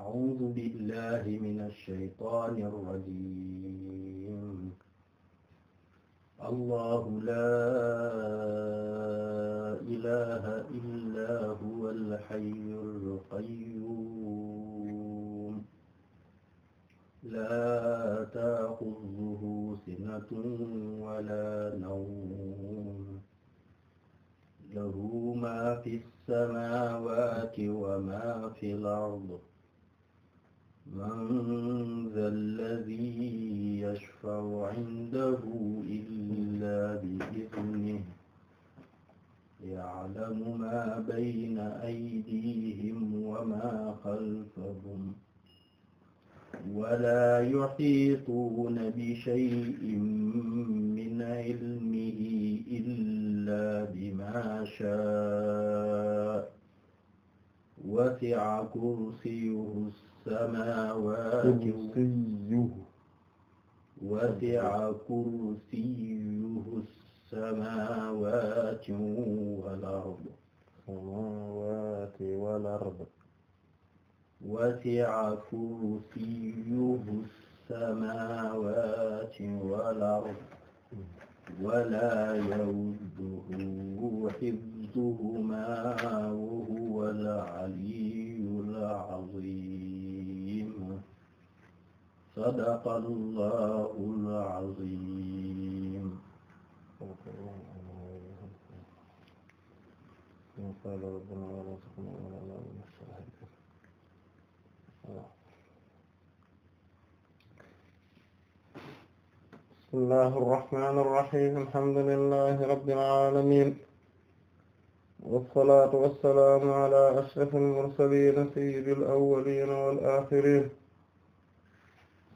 أعوذ بالله من الشيطان الرجيم الله لا إله إلا هو الحي القيوم لا تأخذه سنة ولا نوم له ما في السماوات وما في الأرض من ذا الذي يشفع عنده إلا بإذنه يعلم ما بين أيديهم وما خلفهم ولا يحيطون بشيء من علمه إلا بما شاء وسع كرسيه samaawaati kursiyuhu wasi'a kursiyuhu samaawaati wal ard samaawaati wal ard wasi'a kursiyuhu samaawaati wal ard wala yawuduhu hifzuhumaa wa huwal aliyyul aziim sadaqallaahul aziim bismillahi irrahmani irrahim alhamdulillahi rabbil aalamiin wassalaatu wassalaamu alaa ashrafil mursaliin sayyidil awwaliin wal aaxiriin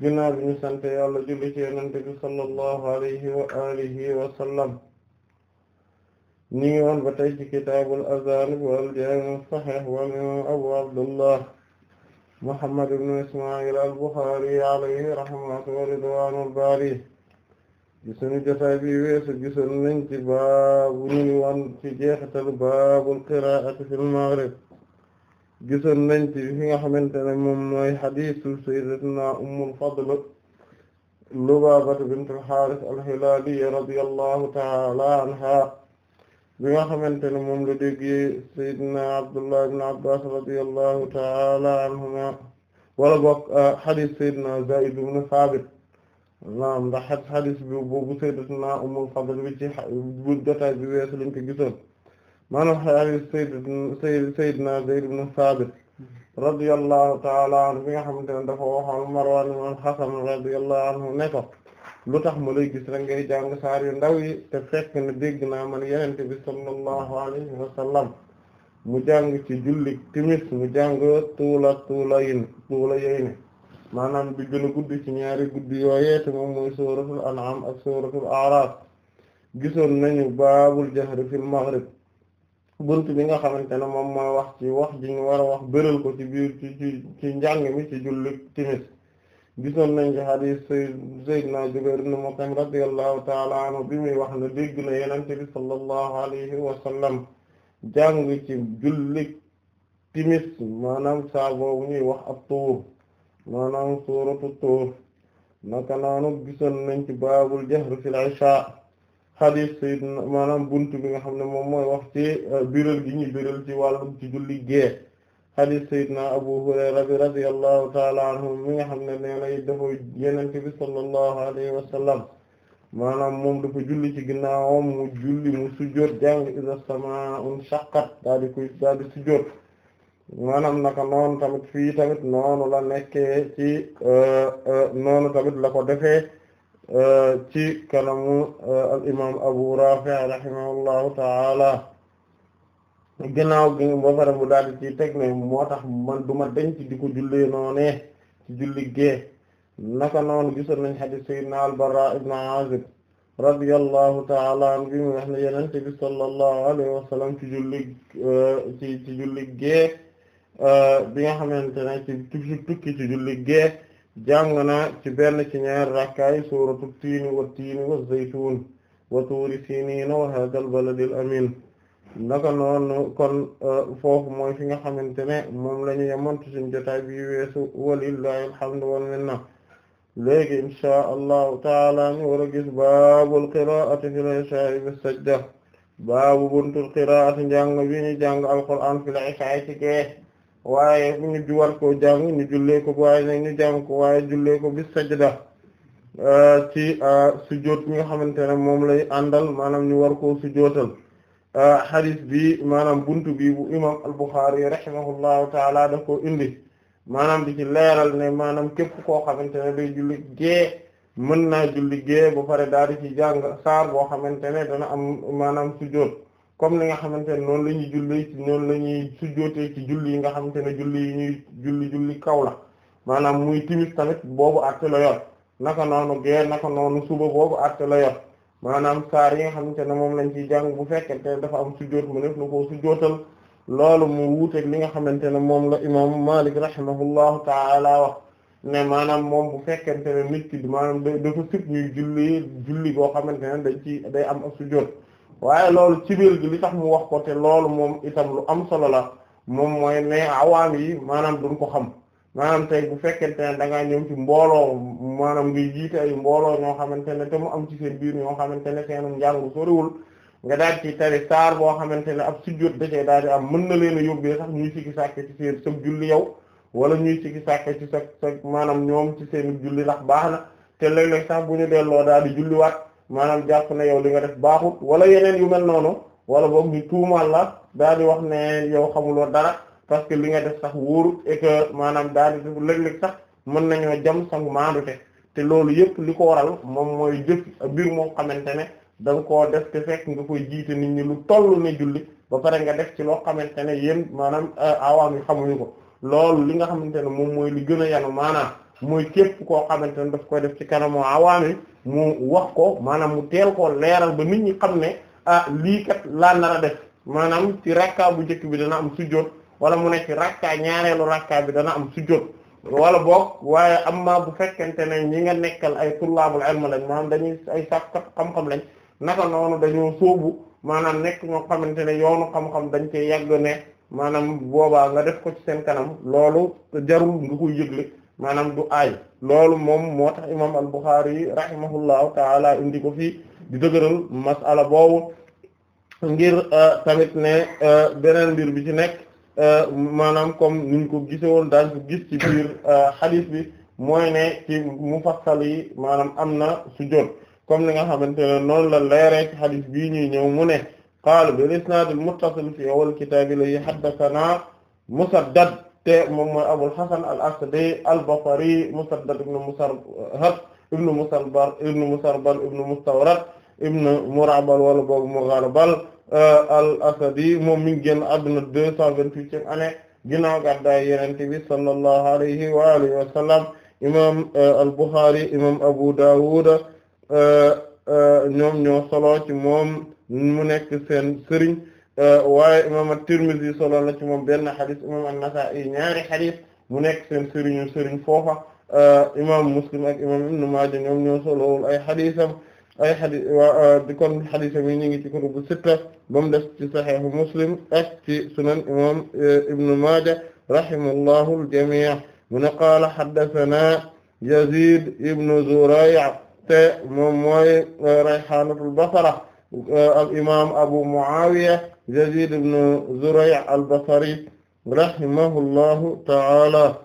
ginnaaw bi ñu sant yàlla julli ci yonent bi sallallahu alayhi wa alihi wa sallam ñu ngi woon ba tey ci kitaabul azaan wal jaami sahih wal imaam abu abdullah muhammad ibn isma'il al buxaari alayhi rahmatu wa ridwaanul baari gisuñu jotaay bi weesu gisoon nañ ci baabu ñu ngi woon ci jeexital baabul qiraa'ati fil maghrib gisoon nañ ci fi nga xamante ne moom mooy xadiisu sayyidatuna ummul fadl lubaabatu bint al-Haaris al-Hilaaliya radiyallahu ta'ala anha bi nga xamante ne moom la déggee sayyidina Abdullah ibn Abbaas radiyallahu ta'ala anhuma wala bokk ah, xadiis sayyidina Zayd ibn Saabit naam ndax xadiis bi boobu sayyidatuna ummul fadl bi ci jotaay bi weesu lañ ko gisoon maanaam hadiis sayyid sayyidina Zayd ibn Saabit radiyallahu ta'ala anhu bi nga xamante ne dafa waxoon Marwaan ibn al-Hakam radiyallahu anhu ne ko lu tax ma lay gis rek ngay jàng saar yu ndaw yi te fekk na dégg naa man yenente bi sallallahu alayhi wa sallam mu jàng ci julli timis mu jàng tuula tuula yin tuula yey ne maanaam bi gën a guddi ci ñaari guddi yooyee te moom mooy suuratul an'am ak suuratul a'raaf gisoon nañu baabul jahri fil maghrib bunt bi nga xamante ne moom mooy wax ci wax ji ñu war wax bëral ko ci biir ci ci ci njàng mi ci julli timis gisoon nañ ci hadis Seydina Jubayr ibn Mut'im radiyallahu ta'ala anhu bi wax ne dégg na Yonent bi sallallahu alayhi wa sallam ci julli timis maanaam saa boobu wax ab tuur maanaam suuratu tuur naka noonu gisoon nañ ci baabul jahri fil isha xadis sayyidina maanaam buntu bi nga xam ne moom mooy wax ci euh, biral gi ñu biral ci wàllum ci julli gee xadis sayyidina Abu Hurayra bi radiyallahu ta'ala anhu mi nga xam ne nee na dafa yenente bi sallallahu alayhi wa sallam maanaam moom dafa julli ci ginnaawam mu julli mu sujjóot jàng iza samaa'un shaqqat daal di koy daal di maanaam naka noonu tamit fii tamit noonu la nekkee ci euh, euh, noonu tamit la ko defee Eh, ci kanamu eh, al imam Abu Rafi' rahimahullahu ta'ala ginnaaw gi boo mu daal di ci teg moo tax man ma denc di ko jullee noonee ci julli gee naka noon gisoon nañ hadith sayyidina al-Barra ibn Azib radiyallahu ta'ala anhu bi mu wax ne Yonent bi sallallahu alayhi wa ci julli eh, ci gee bi nga xamante ne ci tukki ci julli gee jàng naa ci benn ci ñaar rakkaay suuratu tiini wa tiini wa zaytuun wa tuuri siiniina wa haadal baladil amiin naka noonu kon uh, foofu mooy fi nga xamante ne moom la ñu ci suñu jotaay bi weesu walillahi alhamdu wal minna léegi inshaa allahu taala ñu war a gis baabul qiraa'ati fil ishaa'i bis sajda baabu buntul qiraa'ati njàng bi ñu jàng alqur'aan fil ishaa'i ci gee waaye ñu juwal ko jàng ñu jullee ko waaye nag ñu jàng ko waaye jullee ko bis sajda euh, ci euh, sujjóot bi nga xamante ne moom lay àndal maanaam ñu war koo sujjóotal hadith euh, bi maanaam buntu bi bu imam al-Bukhari rahimahullahu taala daf ko indi maanaam di ci leeral ne maanaam képp koo xamante ne day julli gee mën naa julli gee ba pare daal di ci jàng saar boo xamante ne dana am maanaam sujjóot comme li nga xamante ne noonu la ñuy julli noonu la ñuy sujjootee ci julli yi nga xamante ne julli yi ñuy julli julli kaw la maanaam muy timis tamit boobu àtte la yor naka noonu gee naka noonu suba boobu àtte la yor maanaam saar yi nga xamante ne moom lañ ciy jàng bu fekkente ne dafa am sujjoot mu def na koo loolu mu wuuteeg li nga xamante ne moom la imaamu Maalik rahimahullahu taala wax ne maanaam moom bu fekkente ne maanaam dafa sib ñuy julli julli boo xamante ne dañ ci day am ak waaye loolu ci biir tax mu wax ko te loolu moom itam lu am solo la moom mooy ne awaam yi maanaam duñ ko xam maanaam tey bu fekkente ne da ngaa ci mbooloo maanaam ngay jiite mbooloo ñoo xamante ne te mu am ci seen biir ñoo xamante ne seenum njàngu soriwul nga daal ci tari saar boo xamante ne ab sujjóot da cee daal mën na leen a yóbbee sax ñuy sikki sàkke ci seen sëb julli yow wala ñuy sikki sàkkee ci sa sa maanaam ñoom ci seen julli ndax baax na te léeg-léeg sax bu ñu delloo daal di julliwaat maanaam jàpp na yow li nga def baaxut wala yeneen yu mel noonu wala boog ñu tuumaal la daal di wax ne yow xamuloo dara parce que li nga def sax wóorut et que maanaam daal di sax mën nañoo jam sax maandute te loolu yëpp li ko waral moom mooy jëf mbir moo xamante ne da nga koo def te fekk nga koy jiite nit ñi lu toll ne julli ba pare nga def ci loo xamante ne yéen maanaam euh, awaam yi xamuñu ko loolu li nga xamante ne moom mooy li gën a yanu maanaam mooy képp koo xamante ne daf koy def ci kanamu awaami mu wax ko maanaam mu teel ko leeral ba nit ñi xam ne ah lii kat laa nar def maanaam ci rakka bu njëkk bi dana am sujjóot wala mu ne ci rakka ñaareelu rakka bi dana am sujjóot wala boog waaye amma bu fekkente ne ñi nga nekkal ay tullaabul ilm lañ maanaam dañuy ay sàkkat xam-xam lañ noonu dañoo sóobu maanaam nekk ñoo xamante ne yoonu xam-xam dañ cee yàgg ne maanaam boobaa nga def ko ci seen kanam loolu jarul nga koy yëgle maanaam du ay loolu moom moo tax imam al-Bukhari rahimahullahu taala indi ko fii di dëgëral masala boobu ngir euh, tamit ne euh, beneen mbir bi ci nekk euh, maanaam comme niñ ko gise woon daañ ko gis ci biir hadith bi mooy ne ci mufassal yi maanaam am na sujjóot comme ni nga xamante ne noonu la leeree ci hadith bii ñuy ñëw mu ne qaala bil isnaad al muttasil fi awwal kitaab li haddathana musaddad te moom mooy Abul Hasan al-Asadi al-Basri Musaddad ibn Musarhad ibn Musarbal ibn Musarbal ibn Mustawrad ibn Murabal wala boobu Mughalbal euh, al-Asadi moom mi ngi génn àdduna deux cent vingt-huitième année ginnaaw gàddaay Yonent bi sallallahu alayhi wa alihi wa sallam imam euh, al-Bukhari imam Abu Dawud euh, ñoom ñoo solo moom mu nekk seen sëriñ Euh, waaye imam at-Tirmidhi solo na ci moom benn xadis imam an-Nasa'i ñaari xadis mu nekk seen sëriñu sëriñ foofa euh, imam Muslim ak imam Ibn Maaja ñoom ñoo solowul ay xadisam ay xadis waa euh, di kon xadisam yi ñu ngi ci kutubu sitta ba mu des ci Sahih Muslim ak ci sunan imam Ibn Maaja rahimahullahu al-jamii' mu ne qaala haddathana Yazid ibn Zuray' te moom mooy Rayhaanatul Basra al imam Abu Muawiya Yazid ibn Zuray' al-Basri rahimahullahu ta'ala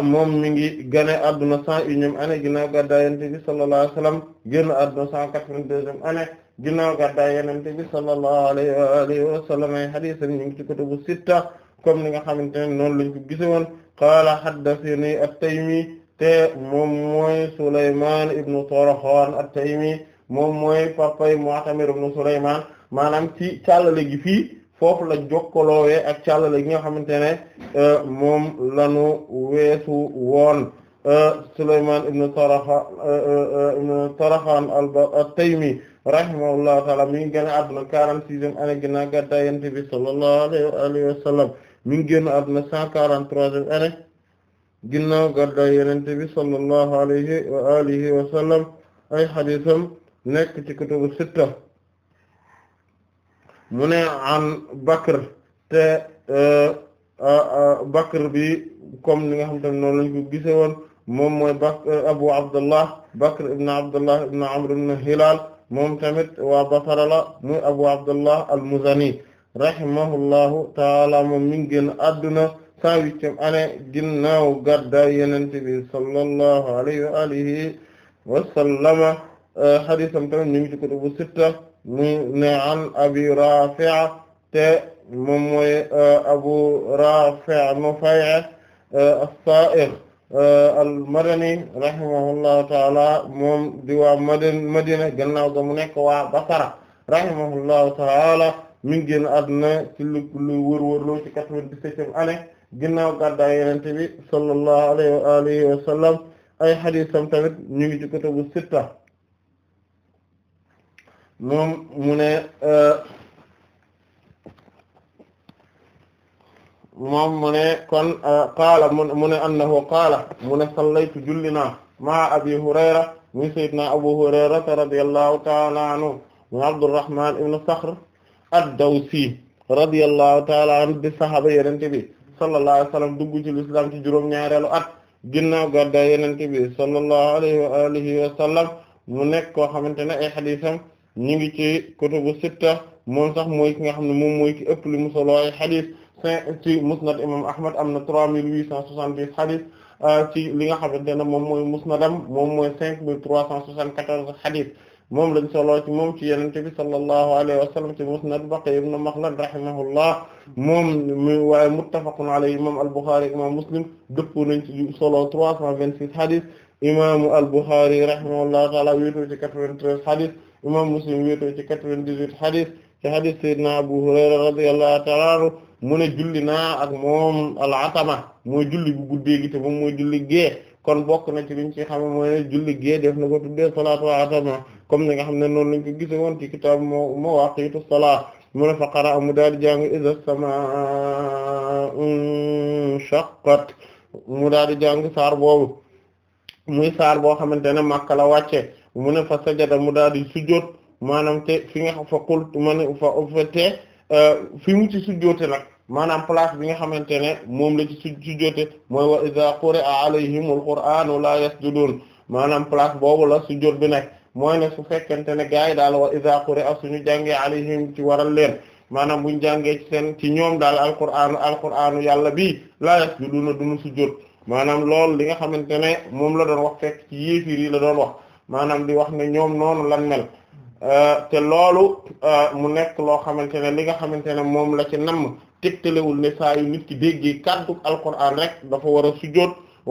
moom mi ngi gane adduna cent unième année ginnaaw gàddaay Yonent bi sallallahu alayhi wa sallam génn adduna cent quatre-vingt-deuxième année ginnaaw gàddaay Yonent bi sallallahu alayhi wa alihi wa sallam ay hadiis ñu ngi ci kutubu sitta comme ni nga xamante ne noonu lañ ko gise woon qaala haddathanii at-Taymi te moom mooy Sulaymaan ibnu Tarxaan at-Taymi moom mooy papay Mu'tamir ibnu Sulaymaan maanaam ci càllale gi fii foofu la jokkaloowee ak càllale gi nga xamante ne euh, moom lanu weesu woon euh, Sulaymaan ibn Taraxa euh, ibn Taraxaan at-Taymi rahimahullahu taala mi ngi génn àdduna quarante-sixième année ginnaaw gàddaay Yonent bi sallallahu alayhi wa alihi wa sallam mi ngi génn àdduna cent quarante-troisième année ginnaaw gàddaay Yonent bi sallallahu alayhi wa alihi wa sallam ay hadiisam nekk ci kutubu sitta mu ne an Bakr te e, Bakr bi comme ni nga xam te noonu lañ ko gisee woon moom mooy Bakr Abu Abdullah Bakr ibn Abdullah ibn Amr ibn Hilal moom tamit waa Basra la muy Abu Abdullah al-Muzani rahimahullahu taala moom mi ngi génn adduna cent huitième année ginnaaw gàddaay Yonent bi sallallahu alayhi wa alihi wa sallama e, tamit ñu ngi ci kutubu sitta mu ne an abi te moom mooy euh, abu rafi' nufay' euh, as-sa'igh euh, al-madani rahimahullahu taala moom di waa madin madina gannaaw ga mu nekk waa basara rahimahullahu taala mi génn àdduna ci ci quatre-vingt-dix-septième année ginnaaw gàddaay Yonent sallallahu alayhi wa alihi ay hadiisam tamit ñu ngi sitta moom mu ne euh, moom mu ne kon euh, qaala mu ne annahu qaala mu ne sallaytu julli naa abi hurayra muy sayyidna abu hurayrata radiyallahu taala anhu mu abdurrahman ibn sakhr ad-dawsi radiyallahu taala anhu di sahaaba yenente bi sallallahu alayhi wa sallam dugg ci l'islam ci juróom-ñaareelu at ginnaaw gàddaay yenente bi sallallahu alayhi wa alihi wa sallam mu nekk koo xamante ne ñu ngi ci kutubu sitta moom sax mooy ki nga xam ne moom mooy ki ëpp li mu solo ay xadis ci musnad imam ahmad am na 3870 xadis euh, ci li nga xamante ne moom mooy musnadam moom mooy 5374 xadis moom lañ solo ci moom ci yenente bi sallallahu alayhi wa sallam ci musnad Baqi ibn Makhlad rahimahullah moom mi waaye muttafaqun alayhi imam al-Bukhari imam Muslim dëppoo nañ ci solo 326 xadis imaamu al-Bukhari rahimahullah taala wéetoo ci 93 xadis imam Muslim wéetoo ci quatre-vingt-dix-huit hadis ci hadis sayyidina Abu Hurayra radiyallahu ta'ala anhu mu ne julli naa ak moom al-atama julli bu guddee gi mu moom mooy julli gée kon bokk na ci liñ ci xam mooy julli gée def na ko tuddee salaatu atama comme ni nga xam ne noonu lañ ko gise woon ci mo moo mawaaqiitu salaat mu ne fa mu daal di jàng iza samaa'u shaqqat mu daal di jàng saar boobu muy saar boo xamante ne Makka la wàcce mu ne fa sajada mu daal di sujjoot maanaam te fi nga fa qultu ma ne fa te euh, fi mu ci sujjoote nag maanaam place bi nga xamante ne moom la ci sujjoote mooy wa idha quri'a alayhimul qur'anu la yasjudun maanaam place boobu la sujjoot bi nekk mooy ne su fekkente ne gars yi daal wa idha quri'a suñu jàngee alayhim ci waral leen maanaam buñ jàngee ci seen ci ñoom daal alqur'anu alqur'anu yàlla bi la yasjuduna duñu sujjoot maanaam lool li nga xamante ne moom la doon wax fekk ci yéefir yi la doon wax maanaam di wax ne ñoom noonu lan mel euh, te loolu euh, mu nekk loo xamante ne li nga xamante ne moom la ci namm tegtalewul ne saa yu nit ki déggee kàddu rek dafa war a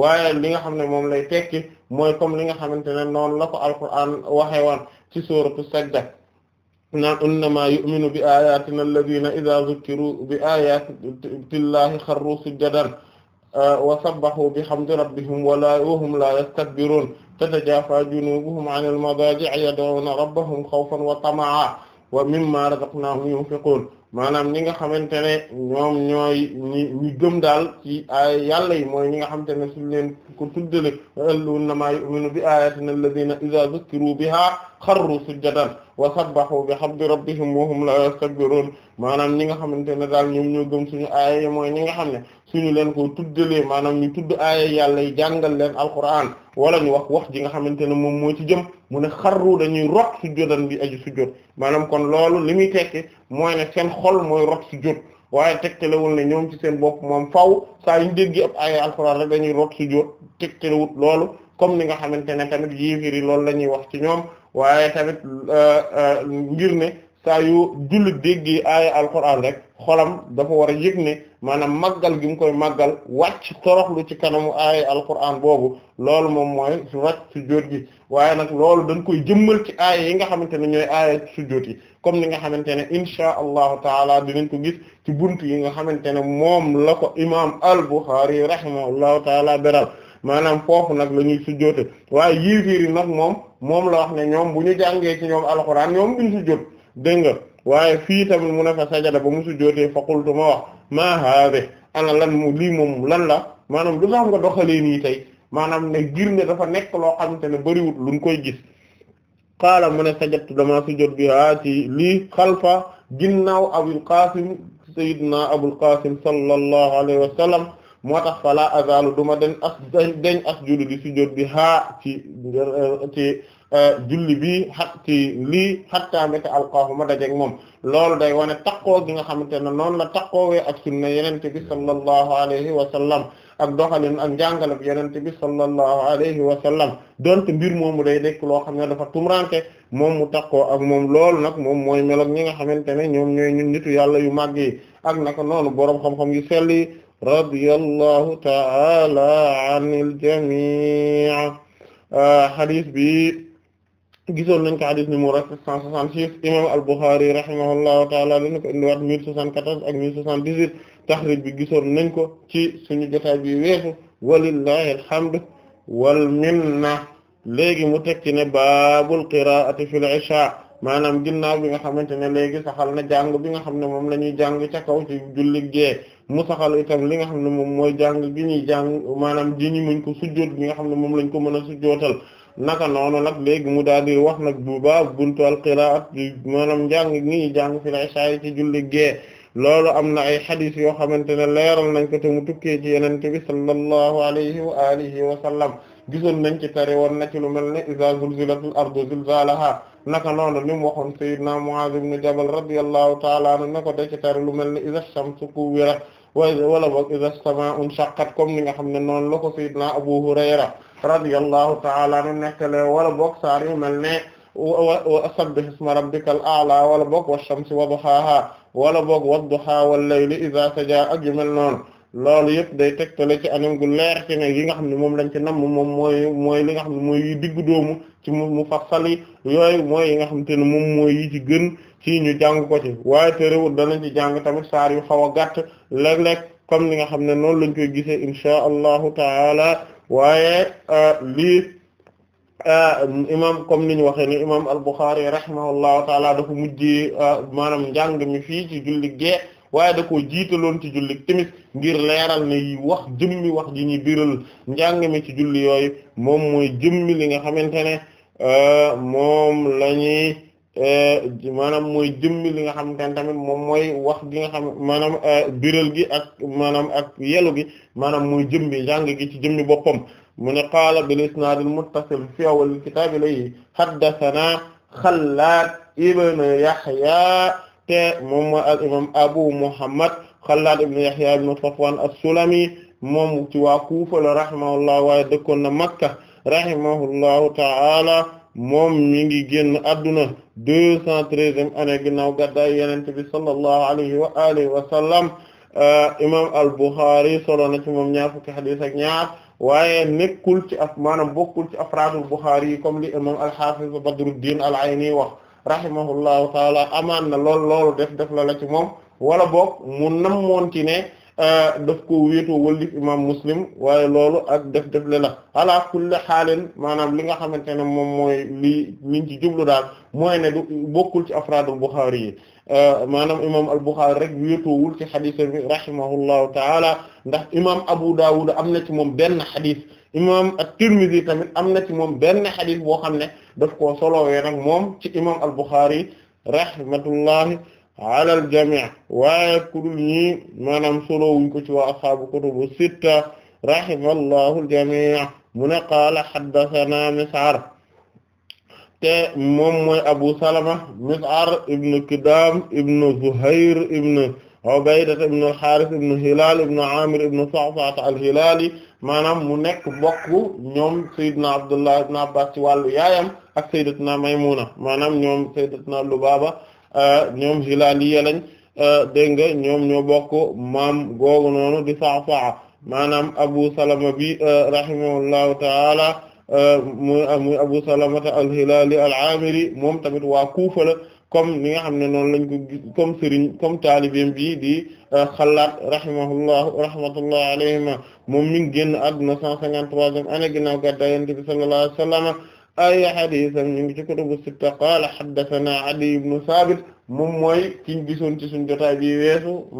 waaye li nga xam ne moom lay tekki mooy comme li nga xamante ne noonu la ko alquran waxee woon ci suuratu sajda naan innama yu'minu bi ayatina alladhina idha zukkiru bi ayati llahi kharru sujjadan wa sabbahu bihamdi rabbihim wa hum la yastakbirun tatajaafa junubuhum anil madaaji'i yad'una rabbahum khawfan wa tama'an wa mimma razaqnahum yunfiqun maanaam ñi nga xamante ne ñoom ñooy ñi ñi gëm daal ci ay yàlla yi mooy ñi nga xamante ne suñ leen ko tuddale alluna ma yu'minu bi ayatina alladhina idha dhukiru biha xarru sujjadan wa sabbahu bihamdi rabbihim wa hum la yastakbirun maanaam ñi nga xamante ne daal ñoom ñoo gëm suñu aaya yi mooy ñi nga xam ne suñu leen ko tuddalee maanaam ñu tudd aaya yàlla yi jàngal leen alquran wala ñu wax wax ji nga xamante ne moom moo ci jëm mu ne xarru dañuy rot sujjóotan bi aju sujjóot maanaam kon loolu li muy tekki mooy seen xol mooy rot sujjóot waaye tegtalewul ne ñoom ci seen bopp moom faw saa yu ñu dégg ab aaya alquran rek dañuy rot sujjóot tegtalewut loolu comme ni nga xamante ne tamit yéefiri loolu la ñuy wax ci ñoom waaye tamit euh, euh, ngir ne saa yu jullit dégg aaya alquran rek xolam dafa war a yëg ne maanaam màggal gi mu koy màggal wàcc toroxlu ci kanamu aaya alquran boobu loolu moom mooy wàcc sujjóot gi waaye nag loolu dañ koy jëmmal ci aaya yi nga xamante ne ñooy aaya sujjóot yi comme ni nga xamante ne insha allahu taala dinañ ko gis ci bunt yi nga xamante ne moom la ko imaam al-Bukhari rahimahullahu taala beral maanaam foofu nag la ñuy sujjóote waaye yiifiir yi nag moom moom la wax ne ñoom bu ñu jàngee ci ñoom alquran ñoom duñ sujjóot dégg nga waaye fii tamit mu ne fa sajada ba mu sujjóotee fa qultu ma wax maa haade ana lan mu lii moom lan la maanaam lu tax nga doxalee nii tey maanaam ne ngir dafa nekk loo te ne bariwul luñ koy gis qaala mu ne sajadtu dama sujjóot bi haa ci lii xalfa ginnaaw abul qasim sayyidina abul qasim sallallahu alayhi wa sallam moo tax fala azalu duma den as deñ asjudu di sujjóot bi haa ci ci Euh, julli bi xat ci lii xattaa méta alqaahu ma dajeeg moom loolu day wane taqoo gi nga xamante ne noonu la taqoowee ak sunna yenente bi sallallahu alayhi wa sallam ak doxalin ak njàngale bi yenente bi sallallahu alayhi wa sallam donte mbir moom day nekk loo xam ne dafa tumranke moom mu taqoo ak moom lool nag moom mooy melo ñi nga xamante ne ñoom ñooy ñun nitu yàlla yu màgg yi ak naka noonu boroom xam-xam yu sell yi radiyallahu ta'ala anil jami' euh, hadith bi gisoon nañ ko hadith numéro 166 imam al-Bukhari rahimahullahu taala dina ko indiwaat 1074 ak 1078 taxrij bi gisoon nañ ko ci suñu jotaay bi weesu walillahi alhamdu wal minna léegi mu teg ci ne baabul qiraa'ati fil isha maanaam ginnaaw bi nga xamante ne léegi saxal na jàng bi nga xam ne moom la ñuy jàng ca kaw ci julli gee mu saxal itam li nga xam ne moom mooy jàng gi ñuy jàng maanaam ji ñu ko sujjoot bi nga xam ne moom lañ ko mën a sujjootal naka noonu nag léegi mu daal di wax nag bu baab buntu al qiraat maanaam njàng ngi jàng fi la isha ci julli gee loolu am na ay xadis yoo xamante ne leeral nañ ko te mu tukkee ci yenente bi sallallahu alayhi wa alihi wa sallam gisoon nañ ci tari woon na ci lu mel ne iza zulzilatil ardu zilzalaha naka noonu li mu waxoon sayyidna Muaz ibn Jabal radiyallahu ta'ala anhu na ko de ci tari lu mel ne iza shamsu kuwirat wala boog iza samaa'un shaqqat comme ni nga xam ne noonu la ko sayyidina Abu Hurayra radiyallahu ta'ala anhu nettalee wala boog saar mel ne sabbih isma rabbikal a'la wala wa wash-shamsi wa duhaaha wala boog wad-duhaa wal-layli iza sajaa ak yu mel noon loolu yëpp day tegtale ci anam gu leer ci nga xam ne moom lañ ci namm moom mooy mooy li nga xam ne mooy diggu doomu ci mu mu fassali yooyu mooy yi nga xam te ne moom mooy yi ci gën. ci ñu jàng ko ci waaye terewul danañ ci jàng tamit saar yu xaw a gàtt léeg-léeg comme li nga xam ne noonu lañ koy gisee insha allahu taala waaye euh, lii euh, imam comme ni ñu waxee ni imam al-Bukhari rahimahullahu taala dafa mujjee euh, maanaam njàng mi fii ci julli gee waaye da koo jiitaloon ci julli tamit ngir leeral ne yi wax jëmmi wax ji ñuy biral njàng mi ci julli yooyu moom mooy jëmmi li nga xamante ne moom la Euh, maanaam mooy jëmmi li nga xamante ne tamit moom mooy wax gi nga xam maanaam euh, biral gi ak maanaam ak yelu gi maanaam muy jëmmi jàng gi ci jëmmi boppam mu ne qaala bil isnaadil muttasil fi awwalil kitaab ilayhi haddathanaa Xallaad ibn Yahya te moom mooy al imaam Abu Muhammad Xallaad ibn Yahya ibn Safwan as-Sulami moom ci waa Kuufa la rahimahullah waaye dëkkoon na Makka rahimahullahu ta'ala moom mi ngi génn adduna deux cent treizième année ginnaaw gàddaay yonent bi sallallahu alayhi wa alihi wa sallam euh, imam al-Bukhari solo na ci moom ñaar fukki hadith ak ñaar waaye nekkul ci af maanaam bokkul ci afraadul Bukhari yi comme li imam al-Hafiz Badruddin al-Ayni wax rahimahullahu taala amaan na lool loolu def def la la ci moom wala boog mu namoon ci ne Euh, daf ko wéetoo wallif imam muslim waaye loolu ak def def le la ala kulli xaalin maanaam li nga xamante ne moom mooy li liñ ci jublu daal mooy ne du bokkul ci afraadul Buxaari yi euh, maanaam imam al Buxaari rek wéetoowul ci xadis bi rahimahullahu taala ndax imam Abu Dawud am na ci moom benn xadis imam at-Tirmidhi tamit am na ci moom benn xadis boo xam ne def ko solowee nag moom ci imam al Buxaari rahimatullahi alal jamii waaye ku dul ñii maanaam solowuñ ko ci waa ashaabu kutubu sitta rahimallahu jamii mu ne qaala haddathana Mis'ar te moom mooy Abu Salama Mis'ar ibn Kidam ibn Zuhair ibn Ubayda ibn al-Harith ibn Hilal ibn Amir ibn Sa'sa'a al-Hilali maanaam mu nekk bokk ñoom Seydina Abdullah ibn Abbas ci wàllu yaayam ak Sayyidatuna Maymuna maanaam ñoom Sayyidatuna Lubaba Euh, ñoom Hilaaliya lañ euh, dégg nga ñoom ñoo bokk maam googu noonu di Sa'sa'a maanaam Abu Salama bi euh, rahimahullahu taala muy muy Abu Salama al-Hilaali al-Aamiri moom tamit waa Kuufa la comme ni nga xam ne noonu lañ ko comme sëriñ comme taalibeem bi di Xallaat rahimahullahu rahmatullahi alayhima moom mi ngi génn àdduna 153e année ginnaaw gàddaay Yonent bi sallallahu alayhi wa sallam ay hadiisam ñu ngi ci kutubu sitta qaala haddasanaa Adiy ibnu Saabit moom mooy kiñ gisoon ci suñu jotaay bi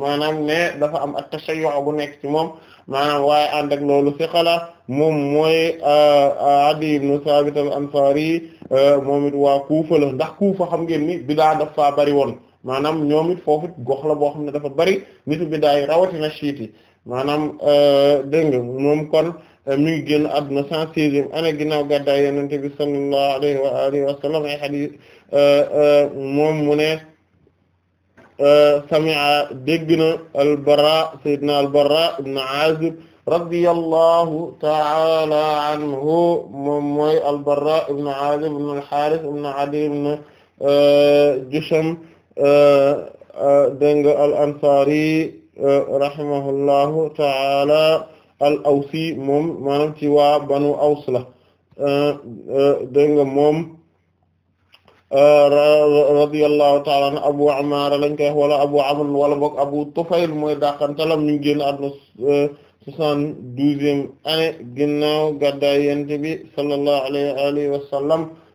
maanaam ne dafa am at-tashayyu' bu nekk ci moom maanaam waaye ànd ak loolu siqala moom mooy euh, Adiy ibnu Saabit al-Ansaari euh, moom it waa Kuufa la ndax Kuufa xam ngeen ni bidaa daf faa bari woon maanaam ñoom it foofu gox la boo xam ne dafa bari nitu bidaa yi rawatina chiite maanaam euh, dégg nga moom kon. Euh, mi ngi génn àdduna cent seizième année ginnaaw gàddaay Yonent bi sallallahu alayhi wa alihi wa sallam ay hadith euh, euh, moom mu ne sami'a dégg na al-Bara sayyidina al-Bara ibn Azib radiyallahu ta'ala anhu moom mooy al-Bara ibn Azib ibn al-Harith ibn Adi ibn Jusham dégg nga al-Ansari rahimahullahu ta'ala al awsi moom maanaam ci waa banu aws la euh, euh, dégg nga moom euh, radiyallahu ta'ala anhu abu amara lañ koy wax wala abu amr wala boog abu tufayl mooy dàqantalam ñu ngi génn àdduna soixante-douzième année ginnaaw gàddaay yonent bi alayhi wa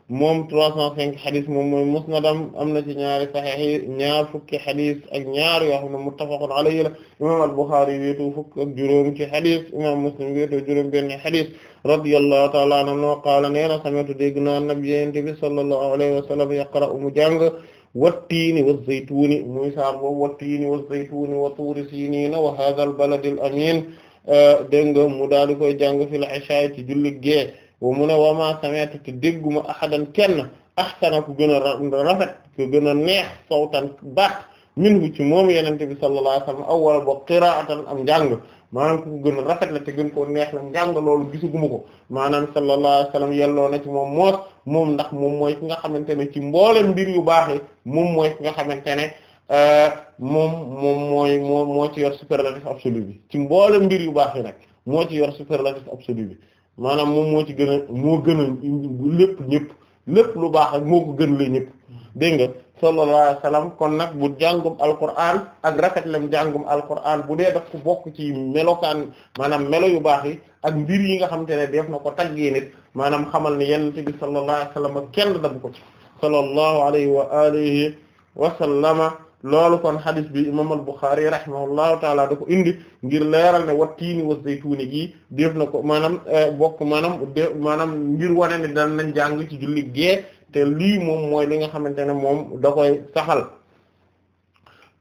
moom 305 xadis moom mooy musnadam am na ci ñaari saxiix yi ñaar fukki xadis ak ñaari yoo xam ne muttafaqun alayhi la imaam al-Buxaari wéetu fukk ak juróom ci xadis imaam Muslim wéetu juróom benn xadis radiyallahu ta'ala anhu qaala nee na sami'tu dégg naa nabiyyi bi sallallahu alayhi wa sallam yaqra'u mu jàng wattiini wa zaytuuni muy saar boobu wattiini wa zaytuuni wa tuuri siiniina wa haadhal baladil amiin dégg nga mu daal di koy jàng fil ishaa ci julli gee wa mu ne wa ma sami'tu te dégguma ahadan kenn ahsana ku gën a rafet ku gën a neex sawtan baax minhu ci moom yenente bi sallallahu alayhi wa sallam awwala bo qira'atan am njàng maanaam ku gën a rafet la te gën koo neex la njàng loolu gisuguma ko maanaam sallallahu alayhi wa sallam yelloo na ci moom moos moom ndax moom mooy ki nga xamante ne ci mboolem mbir yu baax moom mooy ki nga xamante ne euh, moom moom mooy moo moo ci yor superlatif absolu bi ci mboolem mbir yu baax yi nag moo ci yor superlatif absolu bi maanaam moom moo ci gën a moo gën a lépp ñëpp lépp lu baax ak moo ko gën la ñëpp dégg nga sallallahu alayhi wa sallam kon nag bu jàngum alquran ak rafet rafetlem jàngum alquran bu dee daf ko bokk ci melokaan maanaam melo yu baax yi ak mbir yi nga xamante ne def na ko taggee nit maanaam xamal na yenn bi sallallahu alayhi wa sallam kenn dabu ko ci wa alihi loolu kon hadith bi imam al-Bukhari rahimahullahu taala da ko indi ngir leeral ne wa tiini wa zaytuuni gi def na ko maanaam eh, bokk maanaam de maanaam ngir wane ne daan nañ jàng ci julli gee te lii moom mooy li nga xamante ne moom da koy saxal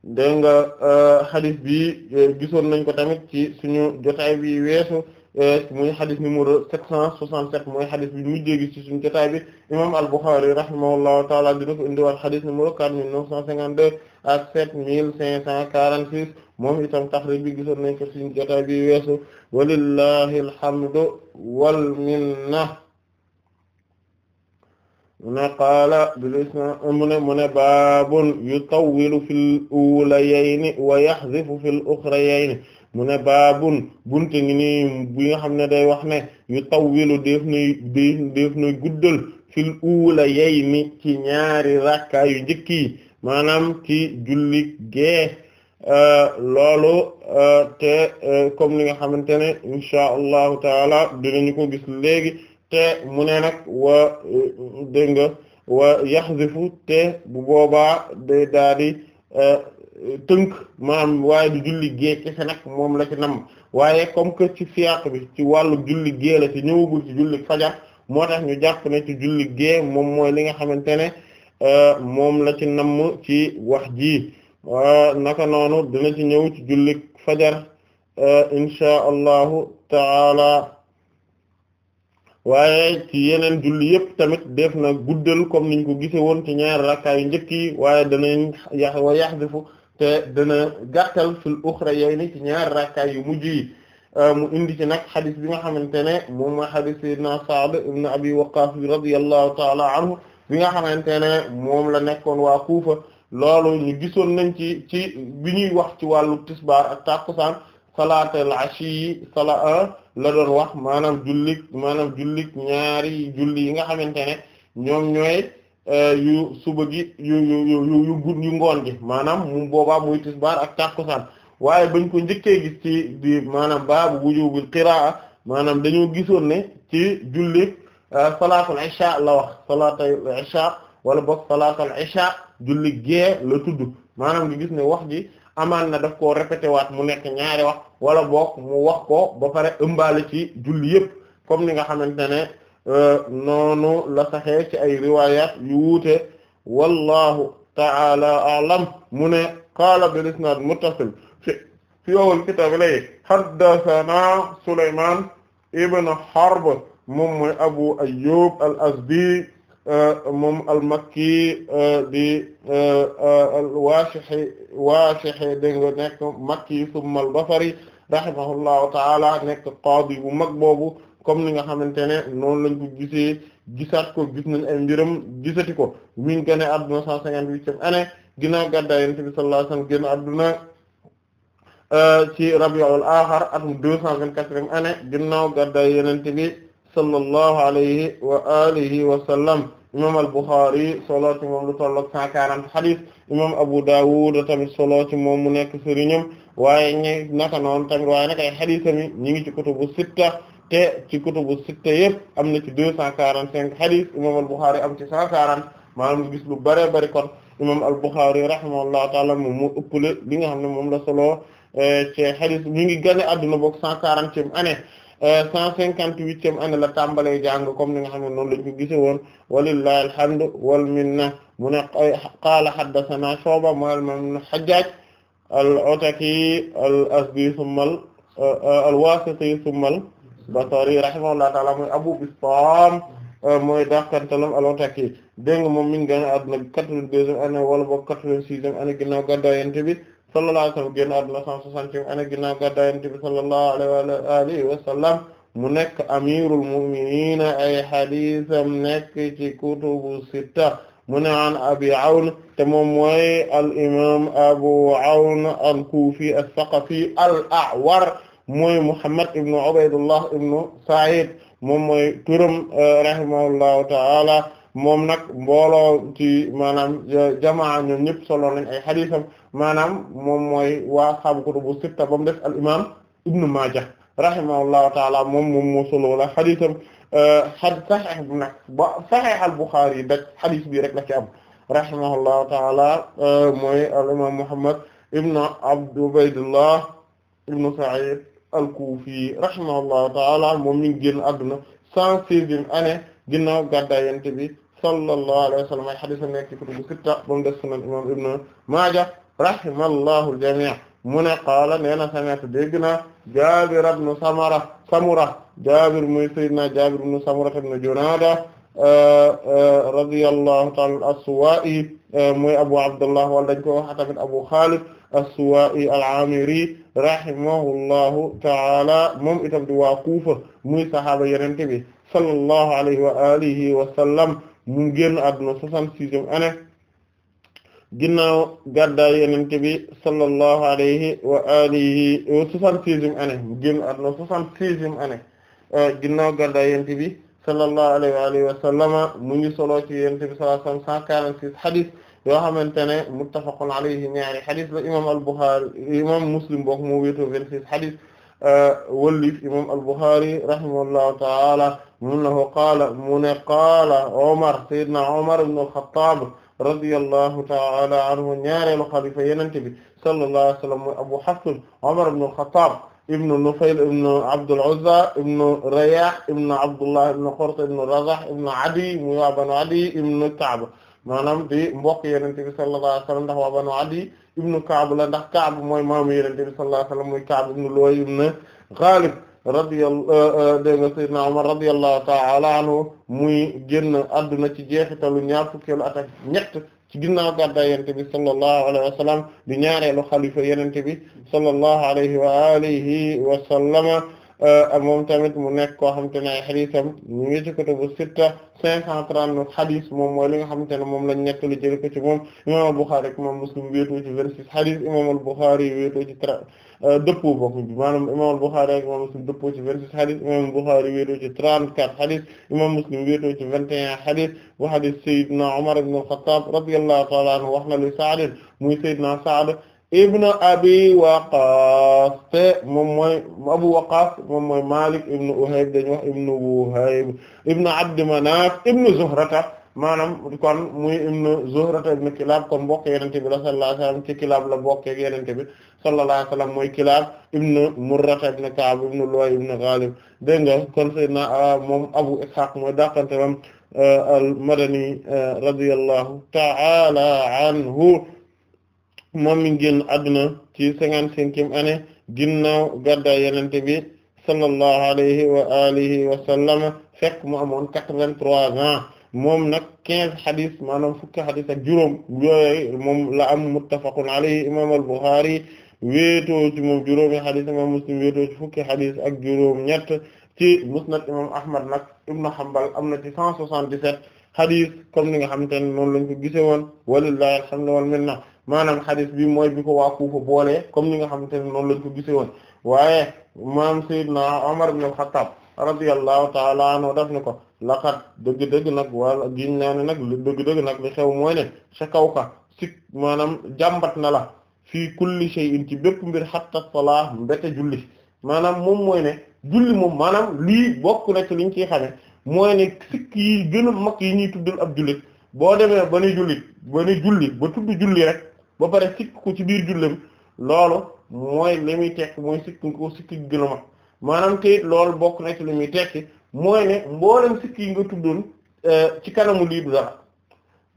dégg nga eh, hadith bi eh, gisoon nañ ko tamit ci suñu jotaay bi weesu muy hadith numéro 767 mooy hadith bi mujjee gi ci suñu jotaay bi imam al-Bukhari rahimahullahu taala dina ko indiwaat hadith numéro 4952 ak sept mille cinq cent quarante-six moom itam taxrij bi gisoon nañ ko ci jotaay bi weesu walillahi alhamdu wal minna qaala bilisna mu ne mu ne baabun wa yaxzifu fil uxrayayni mu baabun bunte ngi nii bi nga xam ne day wax ne yutawwilu def nay def nay guddal ci ñaari rakkaa yu njëkk yi maanaam ci julli gee euh, loolu euh, te euh, comme li nga xamante ne inchaa allahu taala ñu ko gis léegi te mu ne nag wa dégg nga wa yaxzifu te bu boobaa day daal di tënk maanaam waaye du julli gee kese nag moom la ci nam waaye comme que ci siyaq bi ci wàllu julli gee la ci ñëwagul ci julli fajar moo tax ñu jàpp ne ci julli gee moom mooy li nga xamante ne Euh, moom la ci namm ci wax ji euh, naka noonu dina ci ñëw ci jullik fajar euh, insha allahu taala waaye ci yeneen julli yëpp tamit def na guddal comme niñ ko gise woon ci ñaari rakkaa yu njëkk yi waaye danañ yax wa yaxdifu te dana gàttal fil uxra yey ci ñaari rakkaa yu mujj yi mu indi ci nag xadis bi nga xamante ne moom ma xadis sayyidina Sa'd ibn Abi Waqqas bi radiyallahu taala anhu bi nga xamante ne moom la nekkoon waa Kuufa loolu ñu gisoon nañ ci ci bi ñuy wax ci wàllu tisbaar ak tàkkusaan salaatul ashi yi sala la doon wax maanaam jullik maanaam jullik ñaari julli yi nga xamante ne ñoom ñooy euh, yu suba gi yu yu yu yu ngoon gi maanaam mu boobaa muy tisbaar ak tàkkusaan waaye bañ ko njëkkee gis ci di maanaam baabu wujubil qiraa maanaam dañoo gisoon ne ci jullik Euh, salaatul isha la wax salaatul isha wala boog salaatul isha julli gee la tudd maanaam nga gis ne wax ji amaan na daf koo répété waat mu nekk ñaari wax wala boog mu wax ko ba pare ëmbaale ci julli yépp comme ni nga xamante ne euh, noonu la saxee ci ay riwayat yu wuute wallahu ta'ala a'lam mu ne qaala bil isnad muttasil fi fi awwal kitaab lay haddathana Sulaymaan ibn Harb moom mooy Abu Ayyub al-Azdi euh, moom al-Makki euh, di euh, al-Washihi Washihi dégg nga nekk Makki summa al-Basri rahimahullahu ta'ala nekk qaadi bu mag boobu comme ni nga xamante ne noonu lañ ko gisee gisaat ko gis nañ ay mbiram gisati ko mi ngi génne àdduna 158e année ginnaaw gàddaay Yonent bi sallallahu alayhi wasallam génn àdduna ci Rabiul Aaxir atum 224e année ginnaaw gàddaay Yonent bi sallallahu alayhi wa alihi wa sallam imam al-Bukhari solo ci moom lu tollook cent quarante hadith imam Abu Dawud tamit solo ci moom mu nekk sëriñam waaye ñi naka noonu tamit waaye nag ay haditham yi ñu ngi ci kutubu sitta te ci kutubu sitta yëpp am na ci deux cent quarante cinq hadith imam al-Bukhari am ci cent quarante mu gis lu bare bari kon imam al-Bukhari rahimahullahu taala mu moo ëppale li nga xam ne moom la solo eh, ci hadith ñu ngi gane adduna boog cent quarantième année cent cinquante-huitième année la tàmbalee jàng comme ni nga xam ne noonu lañ ko gise woon walillahi alhamdu wal minna mu ne qaala haddathana Shu'ba mu Hajjaj al-Ataki al-Azdi thumma al-Wasiti euh, thumma al-Basri ta'ala euh, mooy Abu Bistam mooy dakantalam al-Ataki dégg moom mi ngi gën a àdduna quatre-vingt-deuxième année wala boog quatre-vingt-sixième année ginnaaw gàddaay Yonent sallallahu alayhi wa sallam génn àdduna 160 année ginnaaw gàddaay Yonent bi sallallahu alayhi wa alihi mu nekk amirul mu'minin ay hadisam nekk ci kutubu sitta mu ne an abi awn te moom mooy al imam abu awn al kufi al thaqafi al a'war mooy muhammad ibnu ubaydullah ibnu sa'id moom mooy turam euh, moom nag mbooloo ci maanaam euh, jamaa ñoom ñëpp solo lañ ay hadisam maanaam moom mooy waa ashaabu kutubu sitta ba mu def al imaam ibnu Maaja rahimahullahu taala moom moom moo solo la xadisam xad euh, saxeex bu nag ba saxeex al Buxaari yi daj xadis bi rek la ci am rahimahullahu taala euh, mooy al imaam Muhammad ibnu Abd Ubaydillah ibnu Sa'id al Kufi rahimahullahu taala moom mi ngi génn àdduna cent sixième année ginnaaw gàddaay Yonent bi sallallahu alayhi wa sallam ay xadisam nekk ci kutubu sitta ba mu def sunan imaam ibnu Maaja rahimallahu al-jamii' mu ne qaala nee na sami'tu dégg naa Jaabir ibn Samura Samura Jaabir muy sayyidina Jaabir ibn Samura ibn Junaada euh, euh, radiyallahu ta'ala as-Suwaa'i euh, muy Abu Abdullah wala dañ ko wax tamit Abu Xaalid as-Suwaa'i al-Aamiri rahimahullahu ta'ala moom itam di waa Kuufa muy saxaaba Yonent bi sallallahu alayhi wa alihi wa sallam mu génn àdduna 66e année ginnaaw gàddaay yonent bi sallallahu alayhi wa alihi soixante-sixième année génn àdduna soixante-sixième année ginnaaw gàddaay yonent bi sallallahu alayhi wa alihi wa euh, sallama mu ngi solo ci yonent bi sallallahu alayhi wa sallam cent quarante-six hadith yoo xamante ne muttafaqun alayhi ñaari hadith la imam al-Bukhari imam Muslim bokk moo wéetoo vingt-six hadith euh, wallif imam al-Bukhari rahimahullahu ta'ala mun na ko qaala mu ne qaala Omar sayyidina Omar ibn al-Khattab radiyallahu ta'ala anhu ñaareelu xalifa yenente bi sallallahu alayhi wa sallam mooy Abu Hafs Umar ibn al-Khattab ibn Nufayl ibn Abdul Uzza ibn Rayah ibn Abdullah ibn Khurs ibn Razah ibn Adi muy waa Banu Adi ibn Ka'b maanaam di mbokk yenente bi sallallahu alayhi wa sallam ndax waa Banu Adi ibn Ka'b la ndax Ka'b mooy maamu yenente bi sallallahu alayhi wa sallam muy Ka'b ibn Lu'ay ibn Ghalib radiyallahu euh, euh, dégg nga Seydina Umar radiyallahu ta anhu muy génn adduna ci jeexitalu ñaar fukkeelu at ak ñett ci ginnaaw gàddaay yonent bi sallallahu alayhi wa sallam di ñaareelu xalifa yonent bi sallallahu alayhi wa alihi wa sallama euh, moom tamit mu nekk koo xamante ne ay xadiisam ñu ngi ci kutubu sitta cinq cent trente-neuf xadis moom mooy li nga xamante ne moom lañ nekk lu jël ko ci moom imaam al-Bukhari ak imaam Muslim ci vingt Euh, dëppoo bokk maanaam imam Bukhari ak imam Muslim dëppoo ci vingt six xadis imam Bukhari wéetoo ci trente quatre xadis imam Muslim wéetoo ci vingt et un xadis bu xadis Seydina Umar ibn al-Khattab radiyallahu ta'ala anhu wax na li Sa'd muy Seydina Sa'd ibn Abi Waqqas te moom mooy Abu Waqqas moom mooy Malik ibn Uhayb dañu wax ibn Wuhayb ibn Abd Manaf ibn Zuhrata maanaam kon muy ibnu Zuhrata ibnu Kilaab kon mbokk Yonent bi la sallallahu alayhi wasallam ci Kilaab la bokk ak Yonent bi sallallahu alayhi wasallam mooy Kilaab ibnu Murrata ibnu Ka'b ibnu Lu'ay ibnu Ghalib dégg nga kon sayyidina ah, moom Abu Ishaq mooy dàqanteelam ah, al-Madani ah, radiyallahu ta'ala anhu moom mi ngi génn àdduna ci cinquante-cinquième année ginnaaw gàddaay bi sallallahu alayhi wa alihi fekk mu amoon quatre-vingt-trois ans moom nag quinze xadis maanaam fukki xadis ak juróom yooyu moom la am muttafaqun alayhi imam al-Bukhari wéetoo ci moom juróomi xadis imam Muslim wéetoo ci fukki xadis ak juróom ñett ci musnad imam Ahmad nag ibnu Hanbal am na ci cent soixante-dix-sept xadis comme ni nga xamante ne noonu lañ ko gise woon walillahi alhamdu wal minna maanaam bi mooy bi ko waa Kuufa boolee comme ni nga xamante ne noonu lañ ko gise woon waaye maam Seydina Umar ibn al-Khattab radiyallahu ta'ala anhu daf ni ko laqad dëgg-dëgg nag wala giñ naa ne nag dëgg-dëgg nag li xew mooy ne sa kaw ka si maanaam jàmbat na la fii kulli shay'in ci bépp mbir hatta salah mbete julli maanaam moom mooy ne julli moom maanaam lii bokk na ci liñ ciy xame mooy ne sikk yi gën mag yi ñuy tuddal ab jullit boo demee ba ne jullit ba ne julli ba tudd julli rek ba pare sikk ko ci biir jullam loolu mooy li muy tekk mooy sikk ko sikk gën maanaam te loolu bokk na ci li muy tekki mooy ne mboolem sikk yi nga tuddoon euh, ci kanamu lii du dara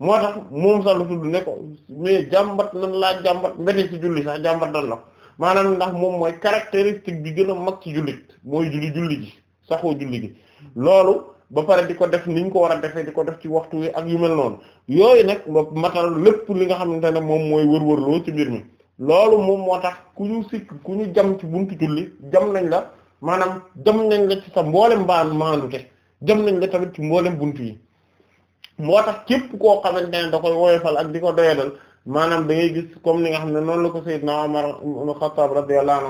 moo tax moom sax lu tudd ne ko mais jàmbat lan laa jàmbat mbete ci julli sax jàmbat lan la maanaam ndax moom mooy caractéristique bi gën a mag ci jullit mooy julli julli ji saxoo julli gi loolu ba pare di ko def ni ko war a defee di ko def ci waxtu wi ak yu mel noonu yooyu nag ba matal lépp li nga xamante ne moom mooy wër-wër loo ci mbir mi loolu moom moo tax ku ñu sikk ku ñu jam ci buntu julli jam nañ la maanaam jam nañ la ci mboole mboolem mbaan maandu te jam nañ la tamit ci mboolem buntu yi moo tax képp koo xamante ne da koy woyofal ak di ko doyadal maanaam da gis comme ni nga xam ne noonu la ko Seydina Umar ibn Khattab radiyallahu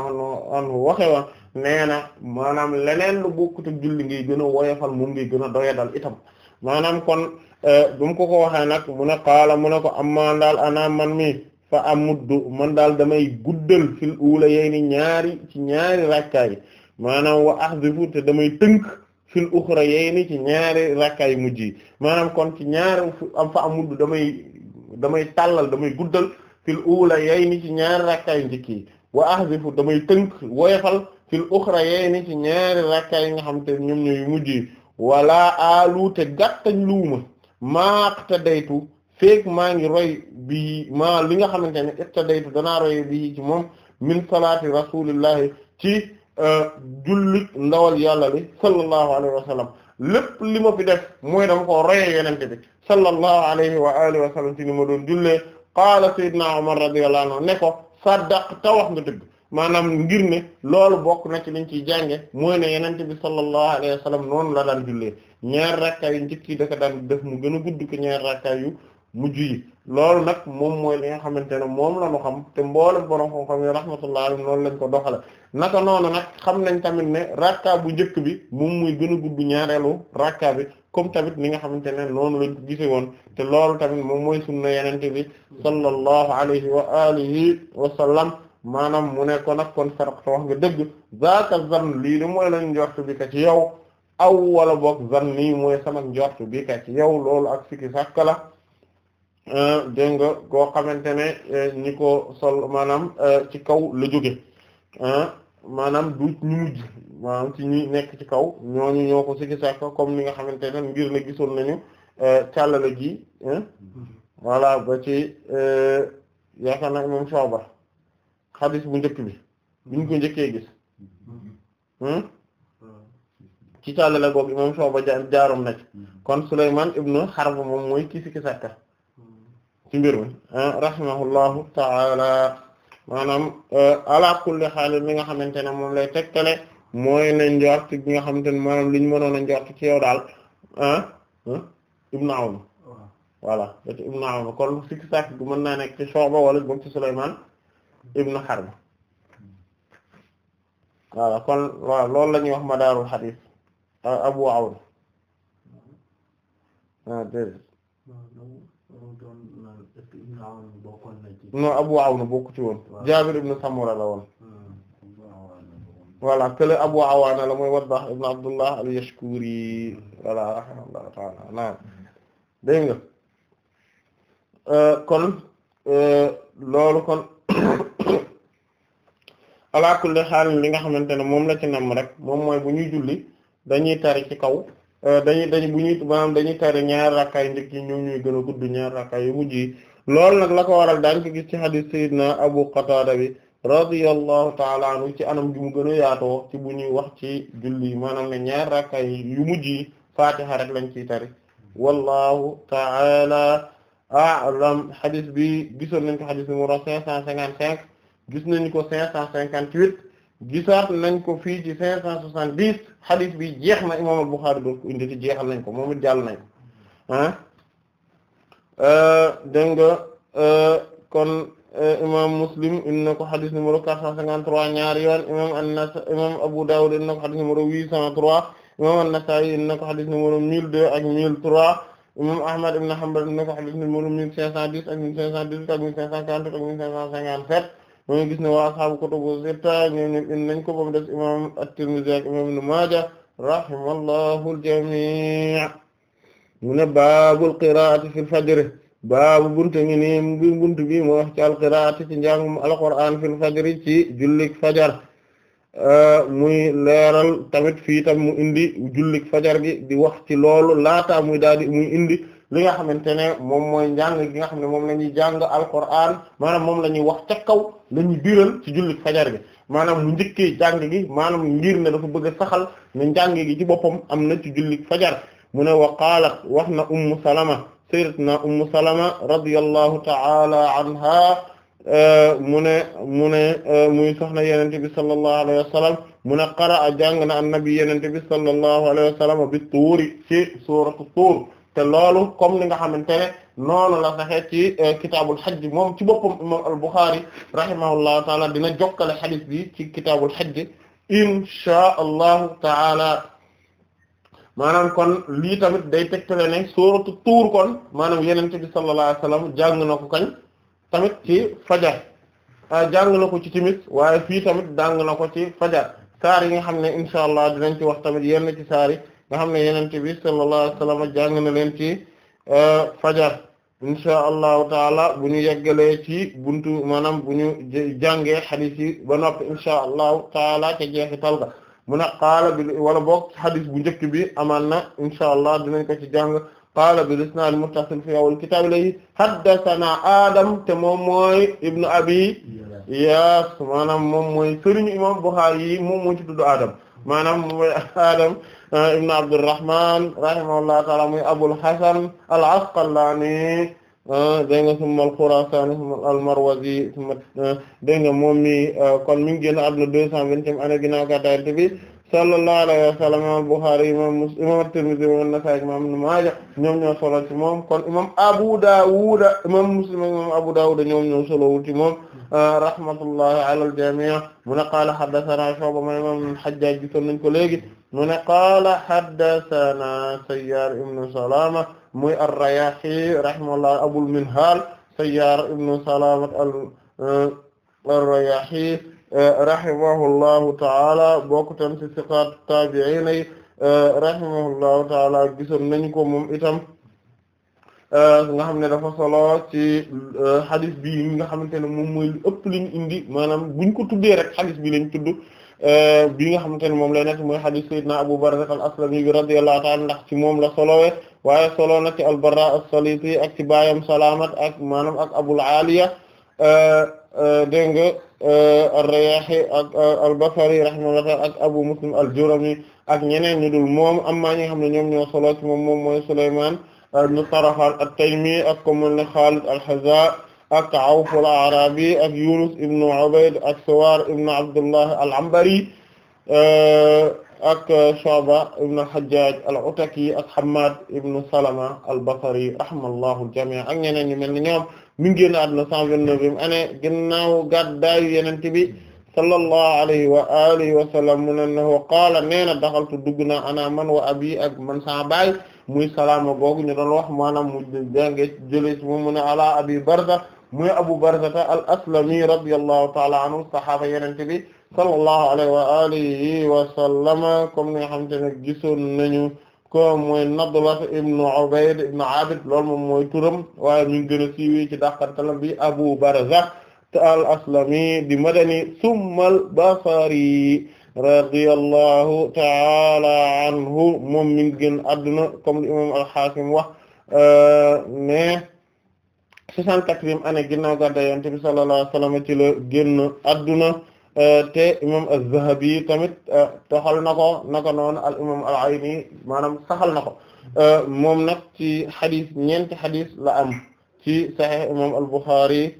anhu waxee woon nee na maanaam leneen lu bokkut ak julli ngay gën a woyofal moom ngay gën a doyadal itam maanaam kon eh, bu mu ko ko waxee nag mu ne xaala ne ko am maan daal ana man mi fa am amuddu man daal damay guddal fil uula yey ñaari ci ñaari rakkaay maanaam wa ahdifu te damay tënk fil uxra yayni ci ñaari rakkaay mujj yi maanaam kon ci ñaari am fa damay damay tàllal damay guddal fil uula yayni ci ñaari rakkaay njëkk yi wa ahdifu damay tënk woyofal fil uxra yayni ci ñaari rakkaay yi nga xam te ñoom ñooy mujj yi wala aalu te gàttañ luuma maaq te daytu feek maa ngi roy bi maa li nga xamante ne it te daytu danaa roy bi ci moom min salaati rasulillahi ci Euh, julli ndawal yàlla li sallallahu alayhi wa sallam lépp li ma fi def mooy dama ko royee yenente bi sallallahu alayhi wa alihi wa sallam ci ni ma doon jullee qaala sayyidina Umar radiyallahu anhu ne ko saddaq ta wax nga dëgg maanaam ngir ne loolu bokk na ci liñ ciy jànge mooy ne yenente bi sallallahu alayhi wa sallam noonu la daan jullee ñaar rakka yu njëkk yi da ko daan def mu gën a gudd ko ñaar rakka yu mujj yi loolu nag moom mooy li nga xamante ne moom la ñu xam te mboolem borom xam-xam yi rahmatullah alayhi noonu lañ ko doxale naka noonu nag xam nañ tamit ne rakka bu njëkk bi moom muy gën a gudd ñaareelu rakka bi comme tamit li nga xamante ne noonu lañ ko gise woon te loolu tamit moom mooy sunna yenente bi sallallahu alayhi wa alihi wa sallam maanaam mu ne ko nag kon sarqta wax nga dëgg zaaka zan lii di mooy lañ njort bi ka ci yow aw wala boog zan nii mooy sama njort bi ka ci yow loolu ak sikki sàkk Euh, dégg nga koo xamante ne euh, ñi ko sol maanaam euh, ci kaw la jóge maanaam du ñu mujj maanaam ci ñi nekk ci kaw ñooñu ñoo ko sikki comme ni nga xamante ne ngir ne gisoon nañu càllale gi voilà ba ci yaakaar naa imam Shu'ba xadis bu njëkk bi buñ ko njëkkee gis hmm? ci càllale googu imam Shu'ba jaarum na ci kon Sulaymaan ibnu Harb moom mooy ki sikki ci mbir mi ah, rahimahullahu taala maanaam eh, ala kulli xaal li nga xamante ne moom lay tegtale mooy ne njort bi nga xamante ne maanaam li ñu mënoon a njort ci yow daal ah, ah ibnu Awn voilà ibnu Awn kon sikki sàkk du mën naa nekk ci Shu'ba wala boog ci Sulaymaan ibnu Harb voilà kon waaw la ñuy wax madaarul xadiis ah, Abu Awn non Abu Awana bokku ci woon Jaabir ibn Samura la woon hmm, voilà kële Abu Awana la mooy Waddah ibn Abdullah al-Yashkuri voilà rahimahullahu ta'ala naam dégg nga euh, kon euh, loolu kon ala kulli li nga xamante ne moom la ci nam rek moom mooy bu ñuy julli dañuy tari ci kaw euh, dañuy dañuy bu ñuy maanaam dañuy tari ñaar rakkaay njëkk ñoom ñuy gën a gudd ñaar rakkaay yu mujj loolu nag la ko waral daañ ko gis ci hadis sayyidina abu qatada bi radiyallahu taala anhu ci anam ju mu gën a ci bu ñuy wax ci julli maanaam ne ñaar rakka yu mujj yi fatiha rek lañ ciy tari wallahu taala a'lam hadis bi gisoon nañ ko hadis numéro cinq cent cinquante-cinq gis nañ ko cinq cent cinquante-huit gisaat nañ ko fii ci cinq cent soixante-dix bi jeex na imam al-Bukhari doon ko indi ci jeexal nañ ko moom it jàll nañ ko ah. Eh, dégg nga eh, kon eh, imam Muslim indi na ko xadis numéro 453 ñaari yoon imam an-Nasaa'i imam Abu Dawud indi na ko xadis numéro 803 imam an-Nasaa'i indi na ko xadis numéro 1002 ak 1003 imam Ahmad ibn Hanbal indi na ko xadis numéro 1510 ak 1518 ak 1540 ak 1557 mooy gis ne waa ashaabu kutubu sitta ñoom ñoom indi nañ ko ba mu des imam at-Tirmidhi ak Maaja rahimallahu al mu ne baabul qiraati fil fajr baabu buntu ngi nii bi buntu bi moo wax ci alqiraati ci njàngum alquraan fil fajari ci jullik fajar euh, muy leeral tamit fii tam mu indi jullik fajar gi di wax ci loolu laataa muy daal di muy indi li nga xamante ne moom mooy njàng gi nga xam ne moom la ñuy jàng alquraan maanaam moom la ñuy wax ca kaw lañuy ñuy biral ci jullik fajar gi maanaam mu njëkkee jàng gi maanaam ngir ne dafa bëgg a saxal ne njàng gi ci boppam am na ci jullik fajar mu ne wa qaalat wax na ummu salama sayyidatuna ummu salama radiyallahu ta'ala anha mu ne mu ne muy soxna yenente bi sallallahu alayhi wa sallam mu ne qara'a jàng na annabi yenente bi sallallahu alayhi wa sallam bi tuuri ci suuratu tuur te loolu comme ni nga xamante ne noonu la saxee ci eh, kitaabul xajj moom ci boppam imam al-Bukhari rahimahullahu taala dina jokkale xadis bi ci kitaabul xajj inshaa allahu taala maanaam kon lii tamit day tegtale ne sooratu tuur kon maanaam yenente bi sallallahu alayhi wasallam jàng na ko kañ tamit ci fajar ah, jàng na ko ci timis waaye fii tamit jàng na ko ci fajar saar yi nga xam ne insha allah dinañ ci wax tamit yenn ci saar nga xam ne yenente bi sallallahu alayhi wasallam jàng na leen ci ah, fajar insha allahu taala bu ñu yeggalee ci buntu maanaam bu ñu jàngee xadiis ci ba noppi insha allahu taala ca jeexital ga mu ne qaala bi wala boog xadis bu njëkk bi amaan na insha allah dinañ ko ci jàng qaala bil isnaad muttasil fi awwal kitaab lay haddathana Adam te moom mooy ibnu abi Iyaas maanaam moom mooy sëriñu imam Bukhari yi moom moo ci tudd Adam maanaam mooy Adam ibnu Abdurrahman rahimahullahu ta'ala mooy Abul Hasan al-Asqalani Ah, dégg nga summa al-Khurasani summa al ah, nga moom mi ah, kon mi ngi na àdduna deux cent vingtième année ginnaaw gàddaay Yonent bi sallallahu alayhi wa sallam imam Bukhari imam Muslim imam At-Tirmidhi imam Nasa'i imam Ibn Maaja ñoom ñoo solo ci moom kon imam Abu Dawud imam Muslim imam Abu Dawud ñoom ñoo solo ci moom rahmatullahi ala al-jami' mu ne qaala haddathana Shu'ba imam al-Hajjaj gisoon nañ ko léegi mu ne qaala haddathana Sayyaar ibnu Salaama muy ar-Rayaahi rahimahullah Abul Minhaal Sayyaar ibnu Salaama uh, ar-Rayaahi uh, rahimahullahu ta'ala bokk tam ci siqaat taabi'iin yi uh, rahimahullahu ta'ala gisoon nañu ko moom itam nga xam ne dafa solo ci hadith bi nga xamante ne moom mooy lu ëpp liñ indi maanaam buñ ko tuddee rek hadith bi lañ tudd Euh, bii nga xamante ne moom lay nekk mooy hadith sayyidina Abu Barzah al-Aslami bi radiyallahu ta'ala ndax ci moom la solowee waaye solo na ci al-Barra as-Saliti ak ci baayam Salamat ak maanaam ak Abul Aliya euh, euh, dégg nga ar-Riyahi ak al-Basri ak Abu Muslim al-Jurami ak ñeneen ñu dul moom amma ñi xam ne ñoom ñoo solo ci moom moom mooy Sulayman ibn Tarhal at-Taymi ak ko ne Khalid al-Hazza ak Awf al-Arabi ak Yunus ibn Ubayd ak Suwar ibn Abdullah al-Anbari ak Shu'ba ibn al-Hajjaj al-Ataki ak Hammad ibn Salama al-Basri rahimallahu al-jami' ak ñeneen ñu mel ni ñoom mi ngi génn àdduna 129e année ginnaaw gàddaayu Yonent bi sallallahu alayhi wa alihi wa sallam mu ne wa qaala nee na daxaltu dugg na ana man wa abi ak man sa baay muy Salama googu ñu doon wax maanaam mu jànge jëlee ci mu ne ala Abi Barza muy Abu Barzata al aslami radiyallahu taala anhu saxaaba yenente bi sallallahu alayhi wa alihi wa sallama comme ni nga xamante ne gisoon nañu ko mooy Nadla ibnu Ubayd ibnu Abid loolu moom mooy turam waaye mi ngi gën a siiwi ci dàqantalam bi Abu Barza al aslami di madani summal basari radiyallahu taala anhu moom mi ngi gën adduna comme li imam al-Hakim wax euh, ne 64e année ginnaaw gàddaay Yonent bi sallallahu alayhi wa sallam ci la génn adduna euh, te imam Az-Zahabi tamit euh, toxal na ko naka noonu al imam al-Ayni maanaam saxal na ko euh, moom nag ci xadis ñeenti xadis la am ci Sahih imam al-Bukhari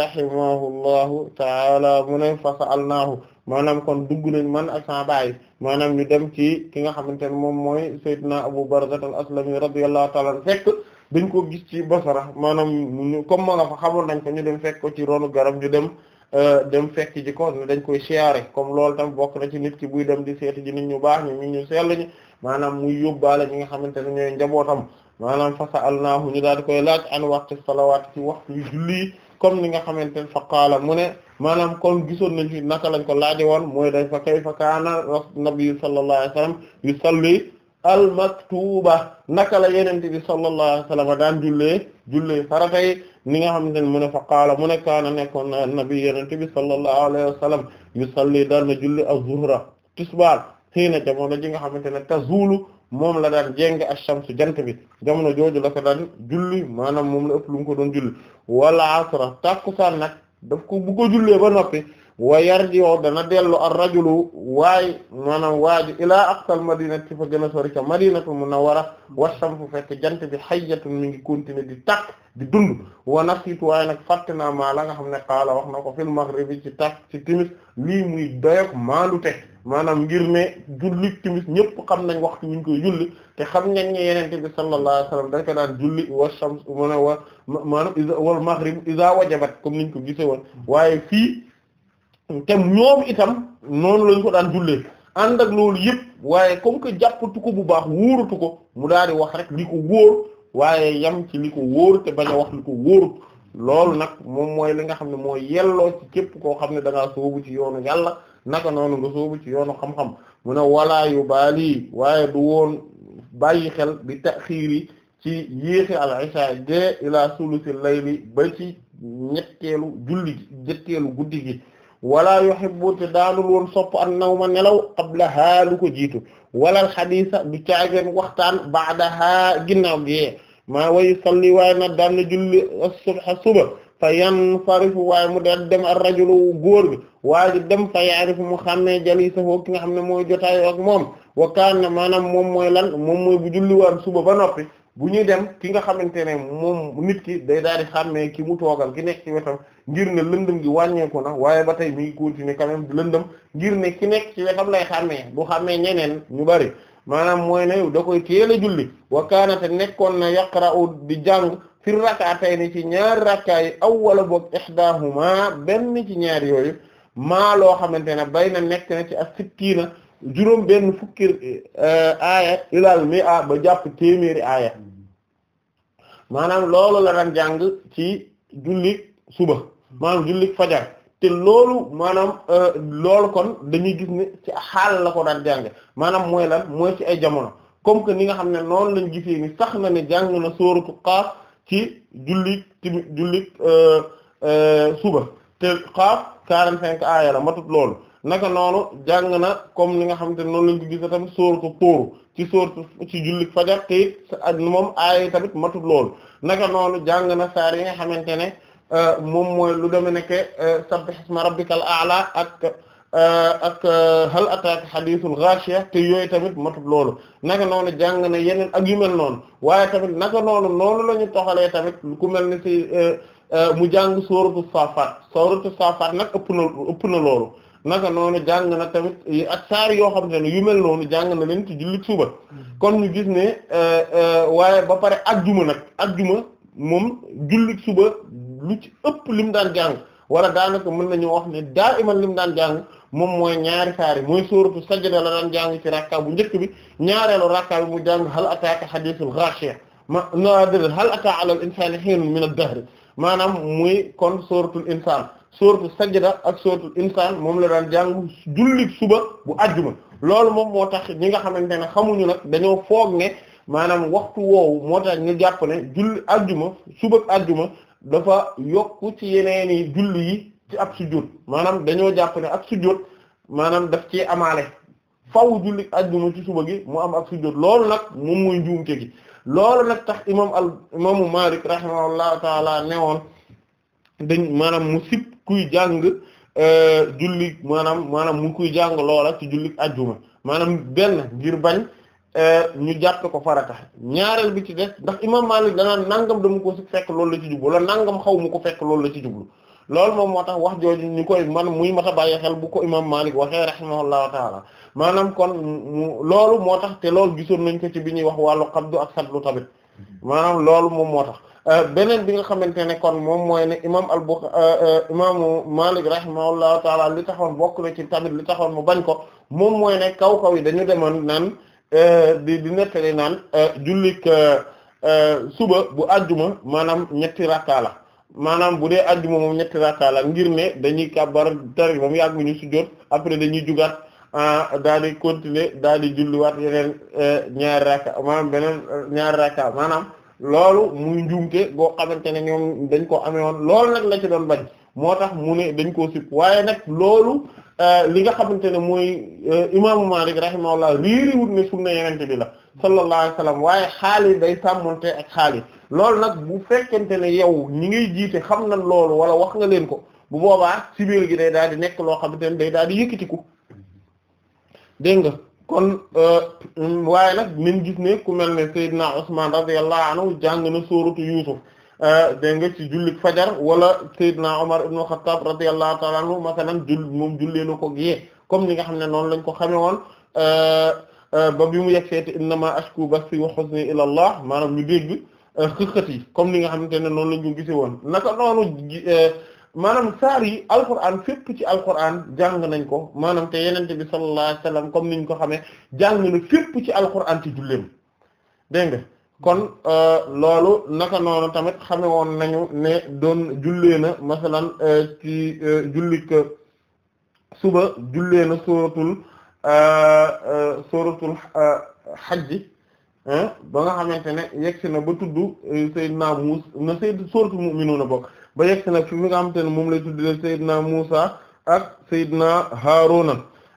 rahimahullahu taala mu ne fa sa'alnaahu maanaam kon dugg nañ man ak sa baay maanaam ñu dem ci ki nga xamante ne moom mooy Seydina Abu Barza al-Aslami radiyallahu taala fekk dañ ko gis ci Basra maanaam ñu comme ma fa xamoon nañ ko ñu dem fekk ko ci ronu garab ñu dem euh, dem fekk ji ko ne dañ koy siyaare comme loolu tam bokk na ci nit ki buy dem di seeti ji nit ñu baax ñu ñu sell ñi maanaam muy yóbbaale ñi nga xamante ne ñooy njabootam maanaam fa sa'alnaahu ñu daal di koy laaj an waqti salawaat ci waxtu yu julli comme ni nga xamante ne fa qaala mu ne maanaam kon gisoon nañ fi naka lañ ko laaje woon mooy dañ fa kayfa kaana nabi sallallahu alayhi wasallam yusalli almaktuba naka la yenente bi sallallahu alayhi wa sallam daan jullee jullee farata yi ni nga xamante ne mu ne fa qaala mu ne kaana nekkoon na nabi yenente bi sallallahu alayhi wa sallam yusalli daan na julli az-zuhra tisbaar xiina jamono ji nga xamante ne tazulu moom la daan jéng ash-shamsu jant bi jamono jooju la ko daan julli maanaam moom la ëpp lu mu ko doon julli wala asra takkusaan nag daf ko bu ko ba noppi wa yarji'u dana dellu ar-rajulu waay maanaam waaji ilaa aqsal madinati ci fa gën a sori ca madinatul munawwara wa shamsu fekk jant bi hayyatun mi ngi continuer di takk di dund wa nasiitu waaye nag fàtte naa maa la nga xam ne qaala wax na ko fil maghribi ci takk ci timis lii muy doyog maandu te maanaam ngir ne julli timis ñëpp xam nañ waxtu mu koy julli te xam ngeen ne yenente bi sallallahu alayhi wasallam dañ ko daan julli wa shams mu ne wa maanaam wal maghrib iza wajabat comme niñ ko gise woon waaye fii te ñoom itam noonu lañ ko daan jullee ànd ak loolu yëpp waaye comme que jàppatu ko bu baax wóoratu ko mu daal di wax rek li ko waaye yam ci li ko te bañ a wax li ko loolu nag moom mooy li nga xam ne mooy yelloo ci képp koo xam ne da ngaa soobu ci yoonu yàlla naka noonu nga soobu ci yoonu xam-xam mu ne walaa baali waaye du woon bàyyi xel bi taxiiri ci yéexi al isha de ila sulusi layli ba ci ñetteelu julli gi ñetteelu guddi gi wala yuhibbu te daanul woon sopp an nawma nelaw qablaha lu ko jiitu walal xadiisa du caageen waxtaan ba'daha ginnaaw gi maa way salli waaye nag daan na julli subha suba fa yanfarifu waaye mu daan dem ar rajulu góor bi waa ji dem fa yaarifu mu xàmmee jaliisahu ki nga xam ne mooy jotaayoo ak moom wa kaana maanaam moom mooy lan moom mooy bu julli waan suba ba noppi bu ñuy dem ki nga xamante ne moom nit ki day daal di xàmmee ki mu toogal ki nekk ci wetam ngir ne lëndëm gi wàññeeku na waaye ba tey mi ngi continuer quand même lëndëm ngir ne ki nekk ci wetam lay xàmmee bu xàmmee ñeneen ñu bari maanaam mooy ne da koy teel a julli wa kaanate nekkoon na yaqra'u di jàng fi rak'atayni ci ñaari rakkaa yi awwala boog ihdaahuma benn ci ñaari yooyu maa loo xamante ne bay na nekk na ci as sittiina juróom benn fukki eh, aaya ilal mi a ba jàpp téeméeri aaya maanaam loolu la daan jàng ci jullit suba maanaam jullit fajar te loolu maanaam eh, lool kon dañuy gis ni ci a xaal la ko daan jàng maanaam mooy lan mooy ci ay jamono comme que ni nga xam ne noonu lañ gisee ni sax na ne jàng na sóoratu Qaaf ci jullit timi jullit eh, suba te Qaaf quarante cinq aaya la matut loolu naka noonu jàng na comme li nga xamante ne noonu lañ ko gisa tamit sóoratu Tuur ci sóoratu ci jullit fajar te it moom aay tamit matul loolu naka noonu jàng na yi nga xamante ne euh, moom mooy lu deme nekke euh, sabbih isma rabbikal a'la ak euh, ak hal ataaka hadithul ghashiya te yooyu tamit matul loolu naka noonu jàng na yeneen ak yu mel noonu waaye tamit naka noonu noonu la ñu toxalee ku mel ni ci mu jàng sóoratu Saafaat sóoratu Saafaat nag ëpp na ëpp na loolu naka noonu jàng na tamit ak saar yoo xam te ne yu mel noonu jàng na leen ci jullit suba kon ñu gis ne euh, euh, waaye ba pare ajjuma nag ajjuma moom jullit suba lu ci ëpp lim daan jàng wala daanaka mën ñu wax ne daa iman lim daan jàng moom mooy ñaari saar yi mooy sóoratu sajda la daan jàng ci rakka bu njëkk bi ñaareelu rakka bi mu jàng hal ataaka hadithul ghashiya ma na hal ataa ala al insani hiinun min ad-dahr maanaam muy kon sóoratul insaan sóoratu sajda ak sóoratu insaan moom la daan jàng jullit suba bu ajjuma loolu moom moo tax ñi nga xamante ne xamuñu nag dañoo foog ne maanaam waxtu woowu moo tax ñu jàpp ne julli ajjuma suba ak ajjuma yokk ci yeneeni julli yi ci ab sujjóot maanaam dañoo jàpp ne ab sujjóot maanaam daf ci amaale faw julli ajjuma ci gi mu am ab sujjóot loolu nag moom mooy njuumte gi loolu nag tax imam al imaamu Maalik rahimahullahu taala newoon dañ maanaam mu sib kuy jàng euh, julli maanaam maanaam mu ngi kuy jàng loola ci julli ajjuma maanaam benn ngir bañ euh, ñu jàppe ko farata ñaareel bi ci des ndax imam Malik danaan nangam dama ko fekk loolu la ci jublu wala nangam xaw mu ko fekk loolu la ci jublu loolu moom moo tax wax jooju ñu koy man muy mat a bàyyi xel bu ko imam Malik waxee rahimahullahu taala maanaam kon loolu moo tax te loolu gisoon nañ ko ci bi ñuy wax wàllu xabdu ak satlu tamit maanaam loolu moom moo tax Euh, beneen bi nga xamante ne kon moom mooy ne imam al-Bukhari euh, euh, imaamu Malik rahimahullahu taala li taxoon bokk na ci tamit li taxoon mu bañ ko moom mooy ne kaw kaw yi dañu demoon naan di di nettali naan jullik suba bu àjjuma maanaam ñetti rakka la maanaam bu dee àjjuma moom ñetti rakka ngir ne dañuy kàbbar tari moom yàgg ñu sujjóot après dañuy jugaat daal di continuer daal di julliwaat yeneen ñaari rakka maanaam beneen ñaari rakka maanaam. loolu muy njuumte boo xamante ne ñoom dañ ko amee woon loolu nag la ci doon bañ moo tax mu ne dañ koo sib waaye nag loolu euh, li nga xamante ne mooy euh, imaamu Maalik rahimahullah riiriwut ne sunna yenente bi la sallallahu alayhi wasallam waaye xaali day sàmmonte ak xaali loolu nag bu fekkente ne yow ñi ngay jiite xam nan loolu wala wax nga leen ko bu boobaa sibir gi day daal di nekk loo xamante ne day daal di yëkkatiku dégg nga kon euh, mm, waaye nag nañ gis ne ku mel ne Seydina Usman radiyallahu anhu jàng na sóoratu Yuusuf euh, dégg nga ci jullit fajar wala Seydina Omar ibn Khattab radiyallahu ta'ala anhu masalan jull moom jullee na ko gée comme ni nga xam ne noonu lañ ko xamee woon euh, ba bi mu yegg innama ashku basi wa huzni ila Allah maanaam ñu dégg xëxët yi comme ni nga xamante ne noonu lañ ko gisee woon naka noonu. maanaam saar yi alquran fépp ci alquran jàng nañ ko maanaam te yenente bi sallallahu alayhi wasallam comme niñ ko xamee jàng na fépp ci alquran ci julleem dégg nga kon euh, loolu naka noonu tamit xame woon nañu ne doon jullee na masalan euh, ci euh, jullik suba jullee na xaj suratul xajji ba nga xamante ne yegg si na ba tudd sayyidna Musa na sayyid suratul mu'minuna bokk ba yegg si nag fi nga xamante ne moom lay tuddee Seydina Musa ak Seydina Haruna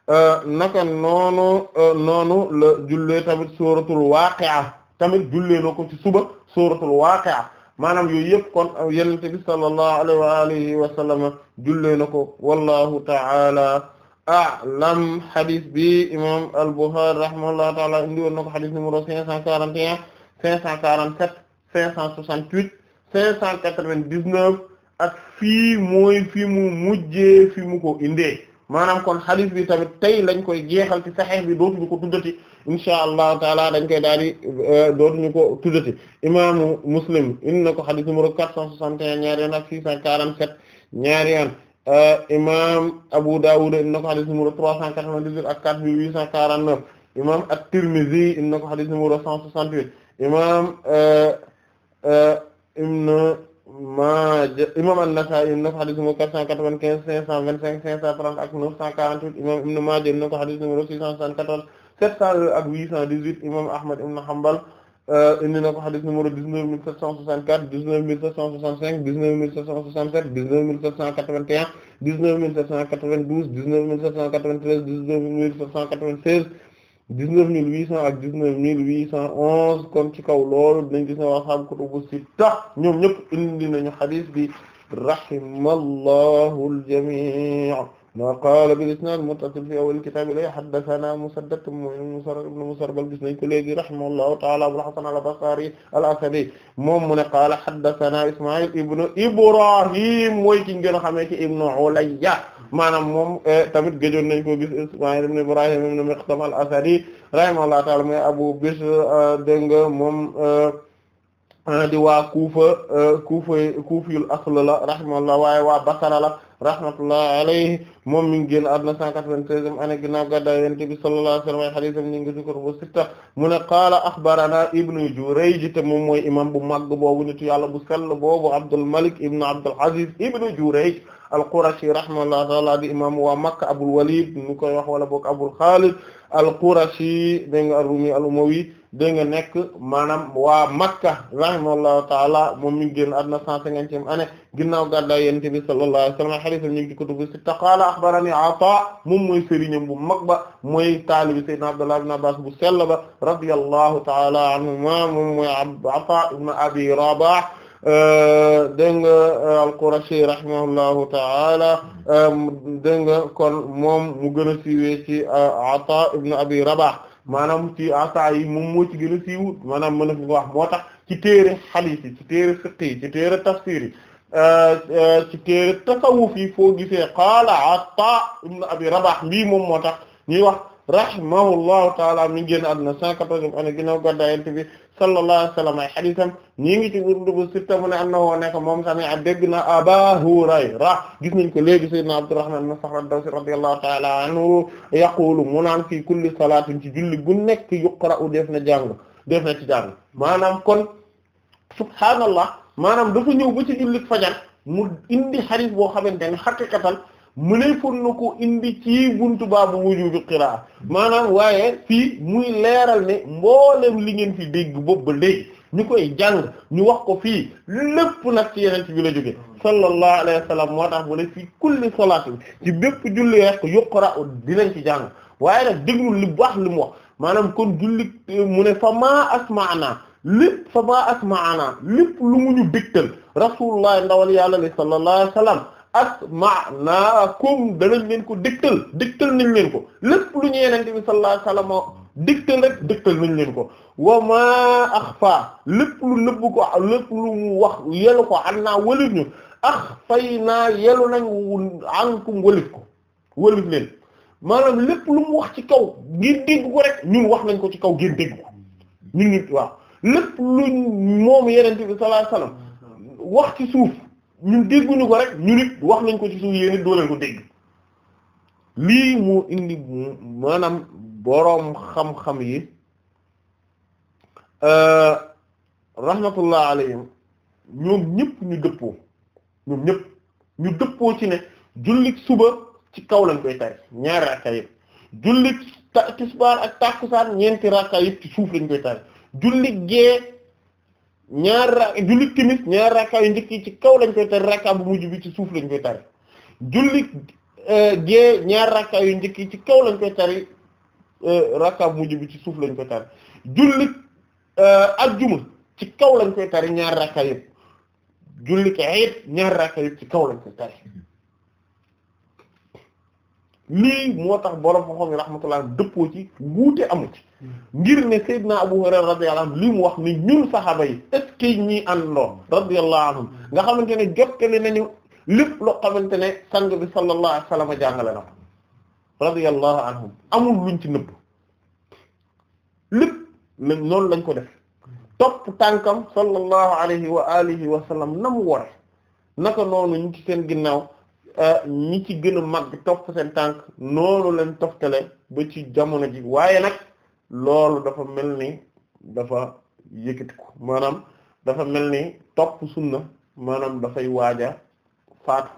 euh, naka noonu euh, noonu la tamit suratul Waqi'a tamit jullee na ko ci suba suratul Waqi'a maanaam yooyu yëpp kon euh, Yonent bi sallallahu alayhi wa alihi wa sallam jullee na ko wallahu ta'ala a'lam hadith bi imam al-Bukhari rahimahullahu ta'ala indi woon na ko hadith numéro 541 547 568 cinq cent quatre-vingt-dix-neuf ak fii mooy fi mu mujjee fi mu ko indee maanaam kon hadith bi tamit tey lañ koy jeexal ci Sahih bi dootuñu ko tuddati insha allahu taala dañ koy daal di euh, dootuñu ko tuddati imaamu Muslim indi na ko hadith numéro quatre cent soixante et un ñaari yoon euh, Abu Dawud indi na ko hadith numéro trois cent quatre-vingt-dix-huit ak quatre mille huit cent quarante-neuf imaam at-Tirmidhi indi na ko hadith numéro cent soixante-huit imaam euh, ibn Maaja imam An-Nasaa'i im na ko xadis numéro quatre cent quatre-vingt-quinze cinq cent vingt-cinq cent trente ak neuf cent quarante-huit imam Ibn Maaja im na ko xadis six cent soixante sept cent ak huit cent dix-huit imam Ahmad ibn Hanbal euh, indi na ko xadis dix-neuf mille sept cent soixante-quatre dix-neuf mille sept cent soixante-cinq dix-neuf mille sept cent soixante-sept dix-neuf mille sept cent quatre vingt dix-neuf mille sept cent quatre vingt dix-neuf mille huit cent ak dix-neuf mille huit cent onze kon ci kaw loolu dinañ gis ne waa xam kutubu sitta ñoom ñëpp indi nañu xadis bi rahimallahu al-jami' ma qaala bil isnaad muttasil fi awwal kitaab ilay haddasanaa Musaddad ibn Musarbal gis nañ ko léegi rahimahullahu ta'aala Abul Hasan al-Basri al-Asadi moom mu ne qaala haddasanaa Ismaa'iil ibn Ibraahiim mooy ki ngeen xamee ci ibn Ulayya maanaam moom eh, tamit gëjoon nañ ko gis Ismaa'iil ibn Ibraahiim ibn Miqsam al-Asadi rahimahullahu ta'aala mooy Abu Bishr eh, dégg nga moom. Eh, di waa Kuufa euh, Kuufa Kuufiyul asl la rahimahullah waaye waa Basra la rahmatullah alayhi moom mi ngi génn àdduna 196e année ginnaaw gàddaay Yonent bi sallallahu alayhi wa sallam ay hadiisam ñu ngi ci kutubu sitta mu ne qaala axbarana Ibnu Jurayj te moom mooy imam bu màgg boobu nitu yàlla bu sell boobu Abdul Malik ibnu Abdul Aziz Ibnu Jurayj al-Qurashi rahimahullah ta'ala di imam waa Makka Abul Walid ñu koy wax wala boog Abul Khalid al-Qurashi dégg nga ar-Rumi al-Umawi dégg nga nekk maanaam waa Makka rahimahullahu taala moom mi ngi génn àdduna cent cinquantième année ginnaaw gàddaay Yonent bi sallallahu alayhi wa sallam hadith ñu ngi ci kutubu sitta qaala akhbarani Ataa moom mooy sëriñam bu mag ba mooy taalibi Sayyidina Abdullah ibn Abbas bu sell ba radiyallahu taala anhuma moom mooy Ataa ibn Abi Rabah dégg nga euh, al-Qurashi rahimahullahu taala euh, dégg nga kon moom mu gën a siiwee ci euh, Ataa ibn Abi Rabah maanaam ci ata yi moom moo ci gën a siiw maanaam mën na wax moo tax ci téere xadiis yi ci téere fiqh yi ci téere tafsir yi euh, euh, ci téere tasawuf yi foo gisee qaala Ataa ibn Abi Rabaah mbii moom moo tax ñuy wax rahimahullahu taala mi ngi génn àdduna cent quatorzième année ginnaaw gàddaay Yonent bi sallallahu alayhi wa sallam ay xadisam ñi ngi ci burdubu sitta mu ne am na woo nekk moom sami'a dégg na Aba Hurayra gis nañ ko léegi sayyidina Abdurrahman ibn Sakhr ad-Dawsi radiyallahu ta'ala anhu yaqulu mu naan fii kulli salaatin ci julli gu nekk yuqra'u def na jàng def na ci jàng maanaam kon subhaanallah maanaam dafa ñëw ba ci julli fajar mu indi xadis boo xamante ne xaqiqatan mëneefoon na ko indi ci buntu baabu wujubi qiraa maanaam waaye fii muy leeral ne mboolem li ngeen fi dégg boobu ba léegi ñu koy jàng ñu wax ko fii lépp nag ci yeneen ci bi la jóge sallallahu alayhi wa sallam moo tax mu ne fii kulli salaatin ci bépp julli rek yuqra dinañ ci jàng waaye nag déglu li baax li mu wax maanaam kon julli mu ne fa maa asmaana lépp fa maa asmaana lépp lu mu ñu digtal rasulullah ndawal yàlla li sallallahu alayhi wa asma'naakum danañ leen ko digtal digtal nañ leen ko lépp lu ñu yenente bi sallallahu alayhi wasallam digtal rek nañ leen ko wa ma axfa lépp lu nëbbu ko lépp lu wax yelu ko an naa walif ñu axfaynaa yelu nañ ankum walif ko walif leen maanaam lépp lu mu wax ci kaw ngir dégg ko rek ñun wax nañ ko ci kaw ngir dégg ko ñun nit waaw lépp lu moom yenente bi sallallahu alayhi wax ci suuf ñun dégguñu ko rek ñu nit wax nañ ko ci suñu yéen it doo leen ko dégg lii mu indi maanaam boroom xam-xam yi euh, rahmatullah alayhim ñoom ñëpp ñu dëppoo ñoom ñëpp ñu dëppoo ci ne jullit suba ci kaw lañ koy tari ñaari rakka yëpp jullit tisbaar ak takkusaan ñeenti rakka yëpp ci suuf lañ koy tari jullit gee ñaar ra jullit timis ñaar rakka yu njëkk yi ci kaw lañ koy tari rakka bu mujj bi ci suuf lañ koy tari jullit euh, gée ñaar rakka yu njëkk yi ci kaw lañ koy tari euh, rakka bu mujj bi ci suuf lañ koy tari jullit euh, ajjuma ci kaw lañ koy tari ñaar rakka yëpp jullit iid ñaar rakka yëpp ci kaw lañ koy tari lii moo tax borom xam-xam yi rahmatullah dëppoo ci wuute amu ci ngir ne Seydina Abu Hurayra radiyallahu anhu li mu wax ni ñun saxaaba yi est ce que ñii àndandoo radiyallahu anhum nga xamante ne jottali nañu lépp loo xamante ne sang bi sallallahu alayhi wasallam jàngale na ci nëbb lépp noonu lañ ko def topp tànkam sallallahu alayhi wa alihi wa sallam na mu ware naka noonu ñu ci seen ginnaaw. Euh, ñi ci gën a mag topp seen tànk noonu leen toftale ba ci jamono ji waaye nag loolu dafa mel ni dafa yëkkati ko maanaam dafa mel ni topp sunna maanaam dafay waaja faatu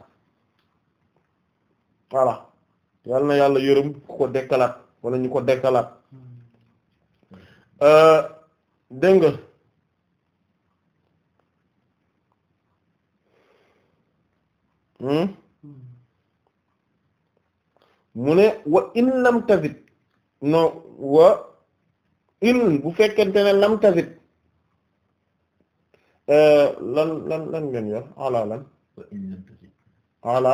voilà yal na yàlla yërëm ku ko dekkalaat wala ñu ko dekkalaat euh, dégg mu ne wa in lam tazid no wa in bu fekkente ne lam tazid eh, lan lan lan ngeen yor ala lan ala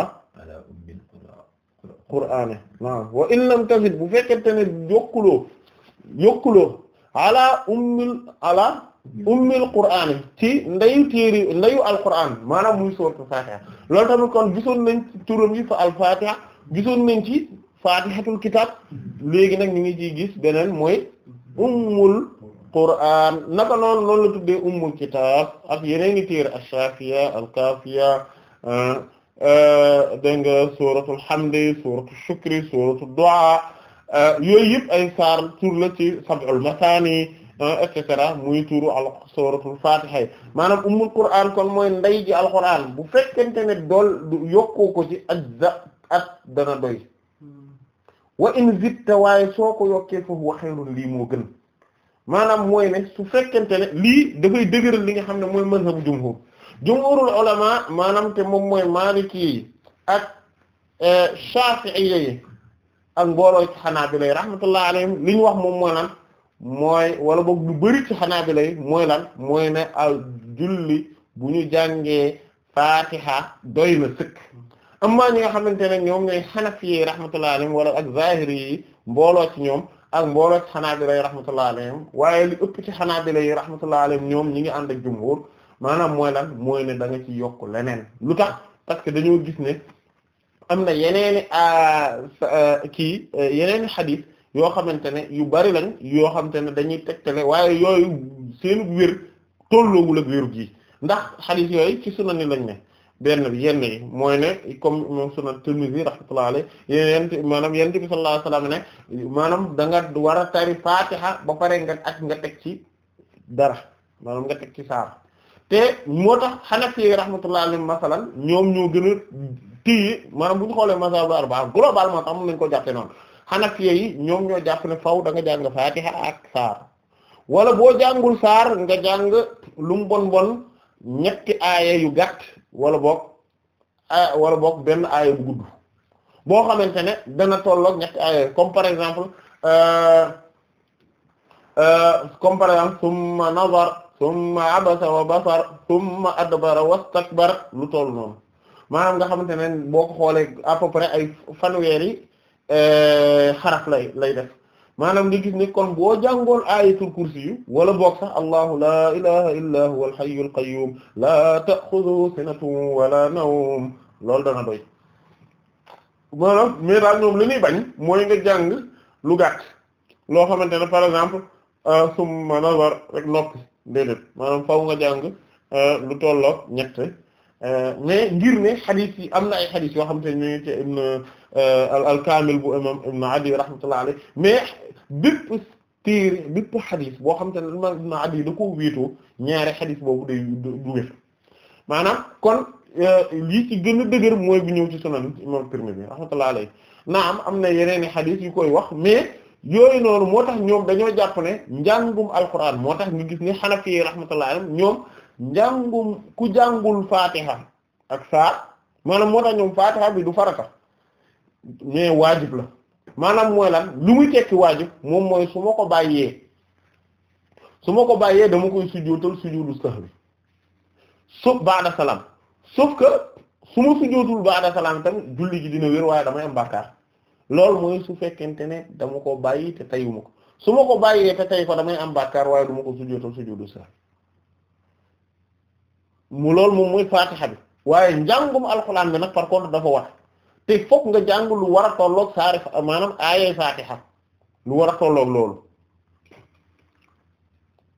qur'aane naam wa bu fekkente ne yokkuloo yokkuloo ala ummil ala ummil qur'aan ci ndeyu téeri ndeyu alqur'aan maanaam muy sourate fatiha loolu tamit kon gisoon nañ ci turam yi fa al-fatiha gisoon nañ ci fatihatul kitab léegi nag ñu ngi ciy gis beneen mooy ummul qur'aan naka noonu loolu la tuddee ummul kitab ak yeneen ngi téer ash-shafiya al-kafiya ah, ah, dégg nga suuratul hamdi suuratul shukri suuratul du'a ah, yooyu yëpp ay saar tur la ci sab'ul et cetera muy tuuru al suratul fatiha yi maanaam ummul qur'an kon mooy ndey ji alquran bu fekkente ne dool yokkoo ko ci ak za at dana doy wa in zitta waaye soo ko yokkee foofu waxeerul lii moo gën maanaam mooy ne su fekkente ne lii dafay dëgëral li nga xam ne mooy mazhabu jumhur jumhurul ulama maanaam te moom mooy maliki yi ak eh, shafi'i yi ak mbooloo xanaa xanaabila rahmatullah alayhim li ñu wax moom mooy mooy wala boog lu bari ci Hanaabila yi mooy lan mooy na a julli bu ñu jàngee Fatiha doy na sëkk amma ñi nga xamante ne ñoom ñooy Hanafi yi rahmatullahi alayhim wala ak Zahiri yi mbooloo ñoom ak mbooloo xanaa Hanaabila yi rahmatullahi alayhim waaye li ëpp ci Hanaabila yi rahmatullahi alayhim ñoom ñi ngi ànd ak jumhur maanaam mooy lan mooy ne da nga ci yokk leneen lu tax parce que dañoo gis ne am na yeneeni ah, euh, kii euh, yeneeni xadiis yoo xamante ne yu bari lañ yoo xamante ne dañuy tegtale waaye yooyu seen wér tolloowul ak wéru gi ndax xadiis yooyu ci sunan ni lañ ne benn bi yenn yi mooy ne comme moom sunan Tirmidhi rahmatullahi alayhi yeneen maanaam yent bi sallallahu alayhi wasallam ne maanaam da nga war a tari Fatiha ba pare nga ak nga teg ci dara maanaam nga teg ci saar te moo tax Hanafi yi rahmatullahi alayhi masalan ñoom ñoo gën a téye maanaam bu ñu xoolee mazhab arba globalement sax mën nañ ko jàppe noonu Hanafiya yi ñoom ñoo jàpp ne faw da nga jàng Fatiha ak saar wala boo jàngul saar nga jàng lu mu bon bon ñetti aaya yu gàtt wala book a wala boog benn aaya bu gudd boo xamante ne dana tolloog ñetti aaya comme par exemple euh, euh, comme par exemple summa basar summa adbara wastakbara lu toll noonu maanaam nga xamante ne boo ko xoolee à peu près ay fanweeri Eh, xaraf lay lay def maanaam nga gis ni kon boo jàngoon ayatul kursi yu wala boog sax allahu la ilaha illa huwa alhayyul qayyum la ta'khudhuhu sinatun wala nawm loolu dana doy maanaam mais daal ñoom li ñuy bañ mooy nga jàng lu gàtt loo xamante ne par exemple ah, summa nazar rek noppi déedéet maanaam faw nga jàng ah, lu tolloog ñett eh, mais ngir ne xadis yi am na ay xadis yoo xamante ne ñu ngi Euh, al kaamil bu imam ibn Adi rahmatullah mais bépp téere bépp xadis boo xam te ne imam ibn Adi ko wéetoo ñaari xadis boobu day maanaam kon euh, lii ci gën a dëgër mooy bu ñëw ci sunan imam Tirmidhi rahmatullah alayhi naam am na yeneen i xadis yu koy wax mais yooyu noonu moo tax ñoom dañoo jàpp ne njàngum alquran moo tax ñu gis ne Hanafi yi rahmatullah alayhim ñoom njàngum ku jàngul fatiha ak saar maanaam moo tax ñoom fatiha bi du faraka mais waajib la maanaam mooy lan lu muy tekki waajib moom mooy su ma ko bàyyee su ma ko bàyyee dama koy sujjootal sujjootul sahwi sauf ba'da salaam sauf que su ma sujjootul ba'da salaam tamit julli gi dina wér waaye damay am bàkkaar loolu mooy su fekkente ne dama ko bàyyi te tayuma ko su ma ko bàyyee te tay ko damay am bàkkaar waaye duma ko sujjootal sujjootul sahwi mu loolu moom mooy faatiha bi waaye njàngum alxuraan bi nag par contre dafa wax te fokk nga jàng lu war a tolloog saari maanaam aayay faatiha lu war a tolloog loolu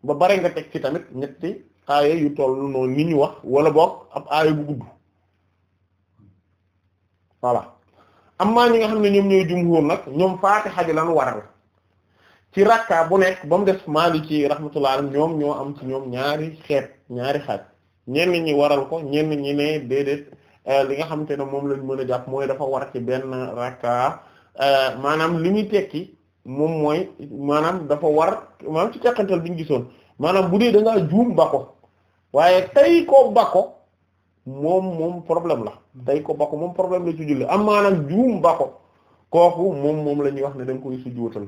ba bare nga teg ci tamit ñetti aaya yu toll noonu ni ñu wax wala boog ab aaya bu gudd am amma ñi nga xam ne ñoom ñooy jumhur nag ñoom faatiha bi lan waral ci rakka bu nekk ba mu def Maliki rahmatullah ñoom ñoo am ci ñoom ñaari xeet ñaari xaaj ñenn ñi waral ko ñenn ñi ne déedéet Euh, li nga xamante ne moom lañ mën a jàpp mooy dafa war ci benn rakka euh, maanaam li muy tekki moom mooy maanaam dafa war maanaam ci teqantal bi ñu gisoon maanaam bu dee da ngaa juum ba waaye tey ko bakko moom moom problème la tey ko ba moom problème la ci julli am maanaam juum bakko kooku moom moom la ñuy wax ne da nga koy sujjóotal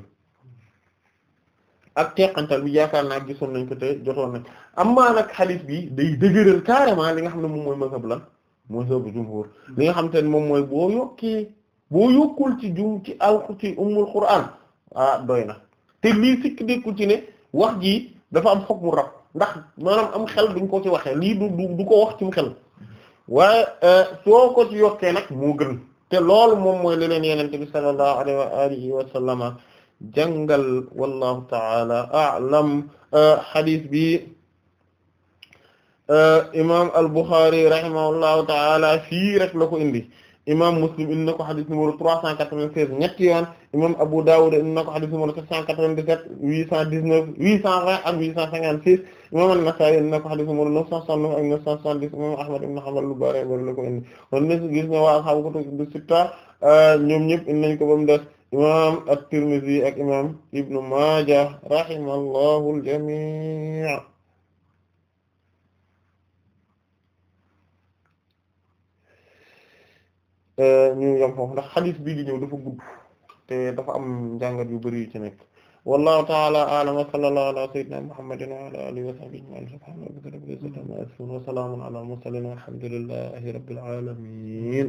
ak teqantal bi yaakaar naa gisoon nañ ko te jotoon nañ am maa nag xaalis bi day dëgëral carrément li nga xam ne moom mooy mazhab la mooy soobu jumhur mm. li nga xam te ne moom mooy boo yokkee boo yokkul ci jum ci al ci ummul quran ah doy na te lii sikk dékku ci ne wax jii dafa am xog rab ndax maanaam am xel duñ ko ci waxee lii du ko wax ci mu xel waaye eh, ko ci yokkee nag moo gën te loolu moom mooy leneen yeneen bi sallallahu alayhi wa alihi wa sallama jàngal wallahu ta'ala a'lam eh, hadith bi Euh, imaam al-Bukhari rahimahullahu ta'ala fii rek la ko indi imaam Muslim indi na ko xadis numéro trois cent quatre-vingt-seize ñetti yoon imaam Abu Dawud indi na ko xadis numéro sept cent quatre-vingt-dix-sept huit cent dix-neuf huit cent vingt ak huit cent cinquante-six imaam an-Nasa'i indi ko xadis numéro neuf cent neuf ak neuf cent dix imaam Ahmad ibn Hanbal lu bare bare la ko indi kon ne gis ne waa xam euh, imaam at-Tirmidhi ak imaam Ibn Maaja rahimallahu Euh, ñu yem foofu ndax xadis bii di ñëw dafa gudd te dafa am njàngat yu bari yu ci nekk wallahu ta'ala a'lam wa sallallahu ala sayyidina muhammadin wa ala alihi wa sahbihi wa sallam wa salaamun ala al mursalin walhamdulillahi rabbil alamin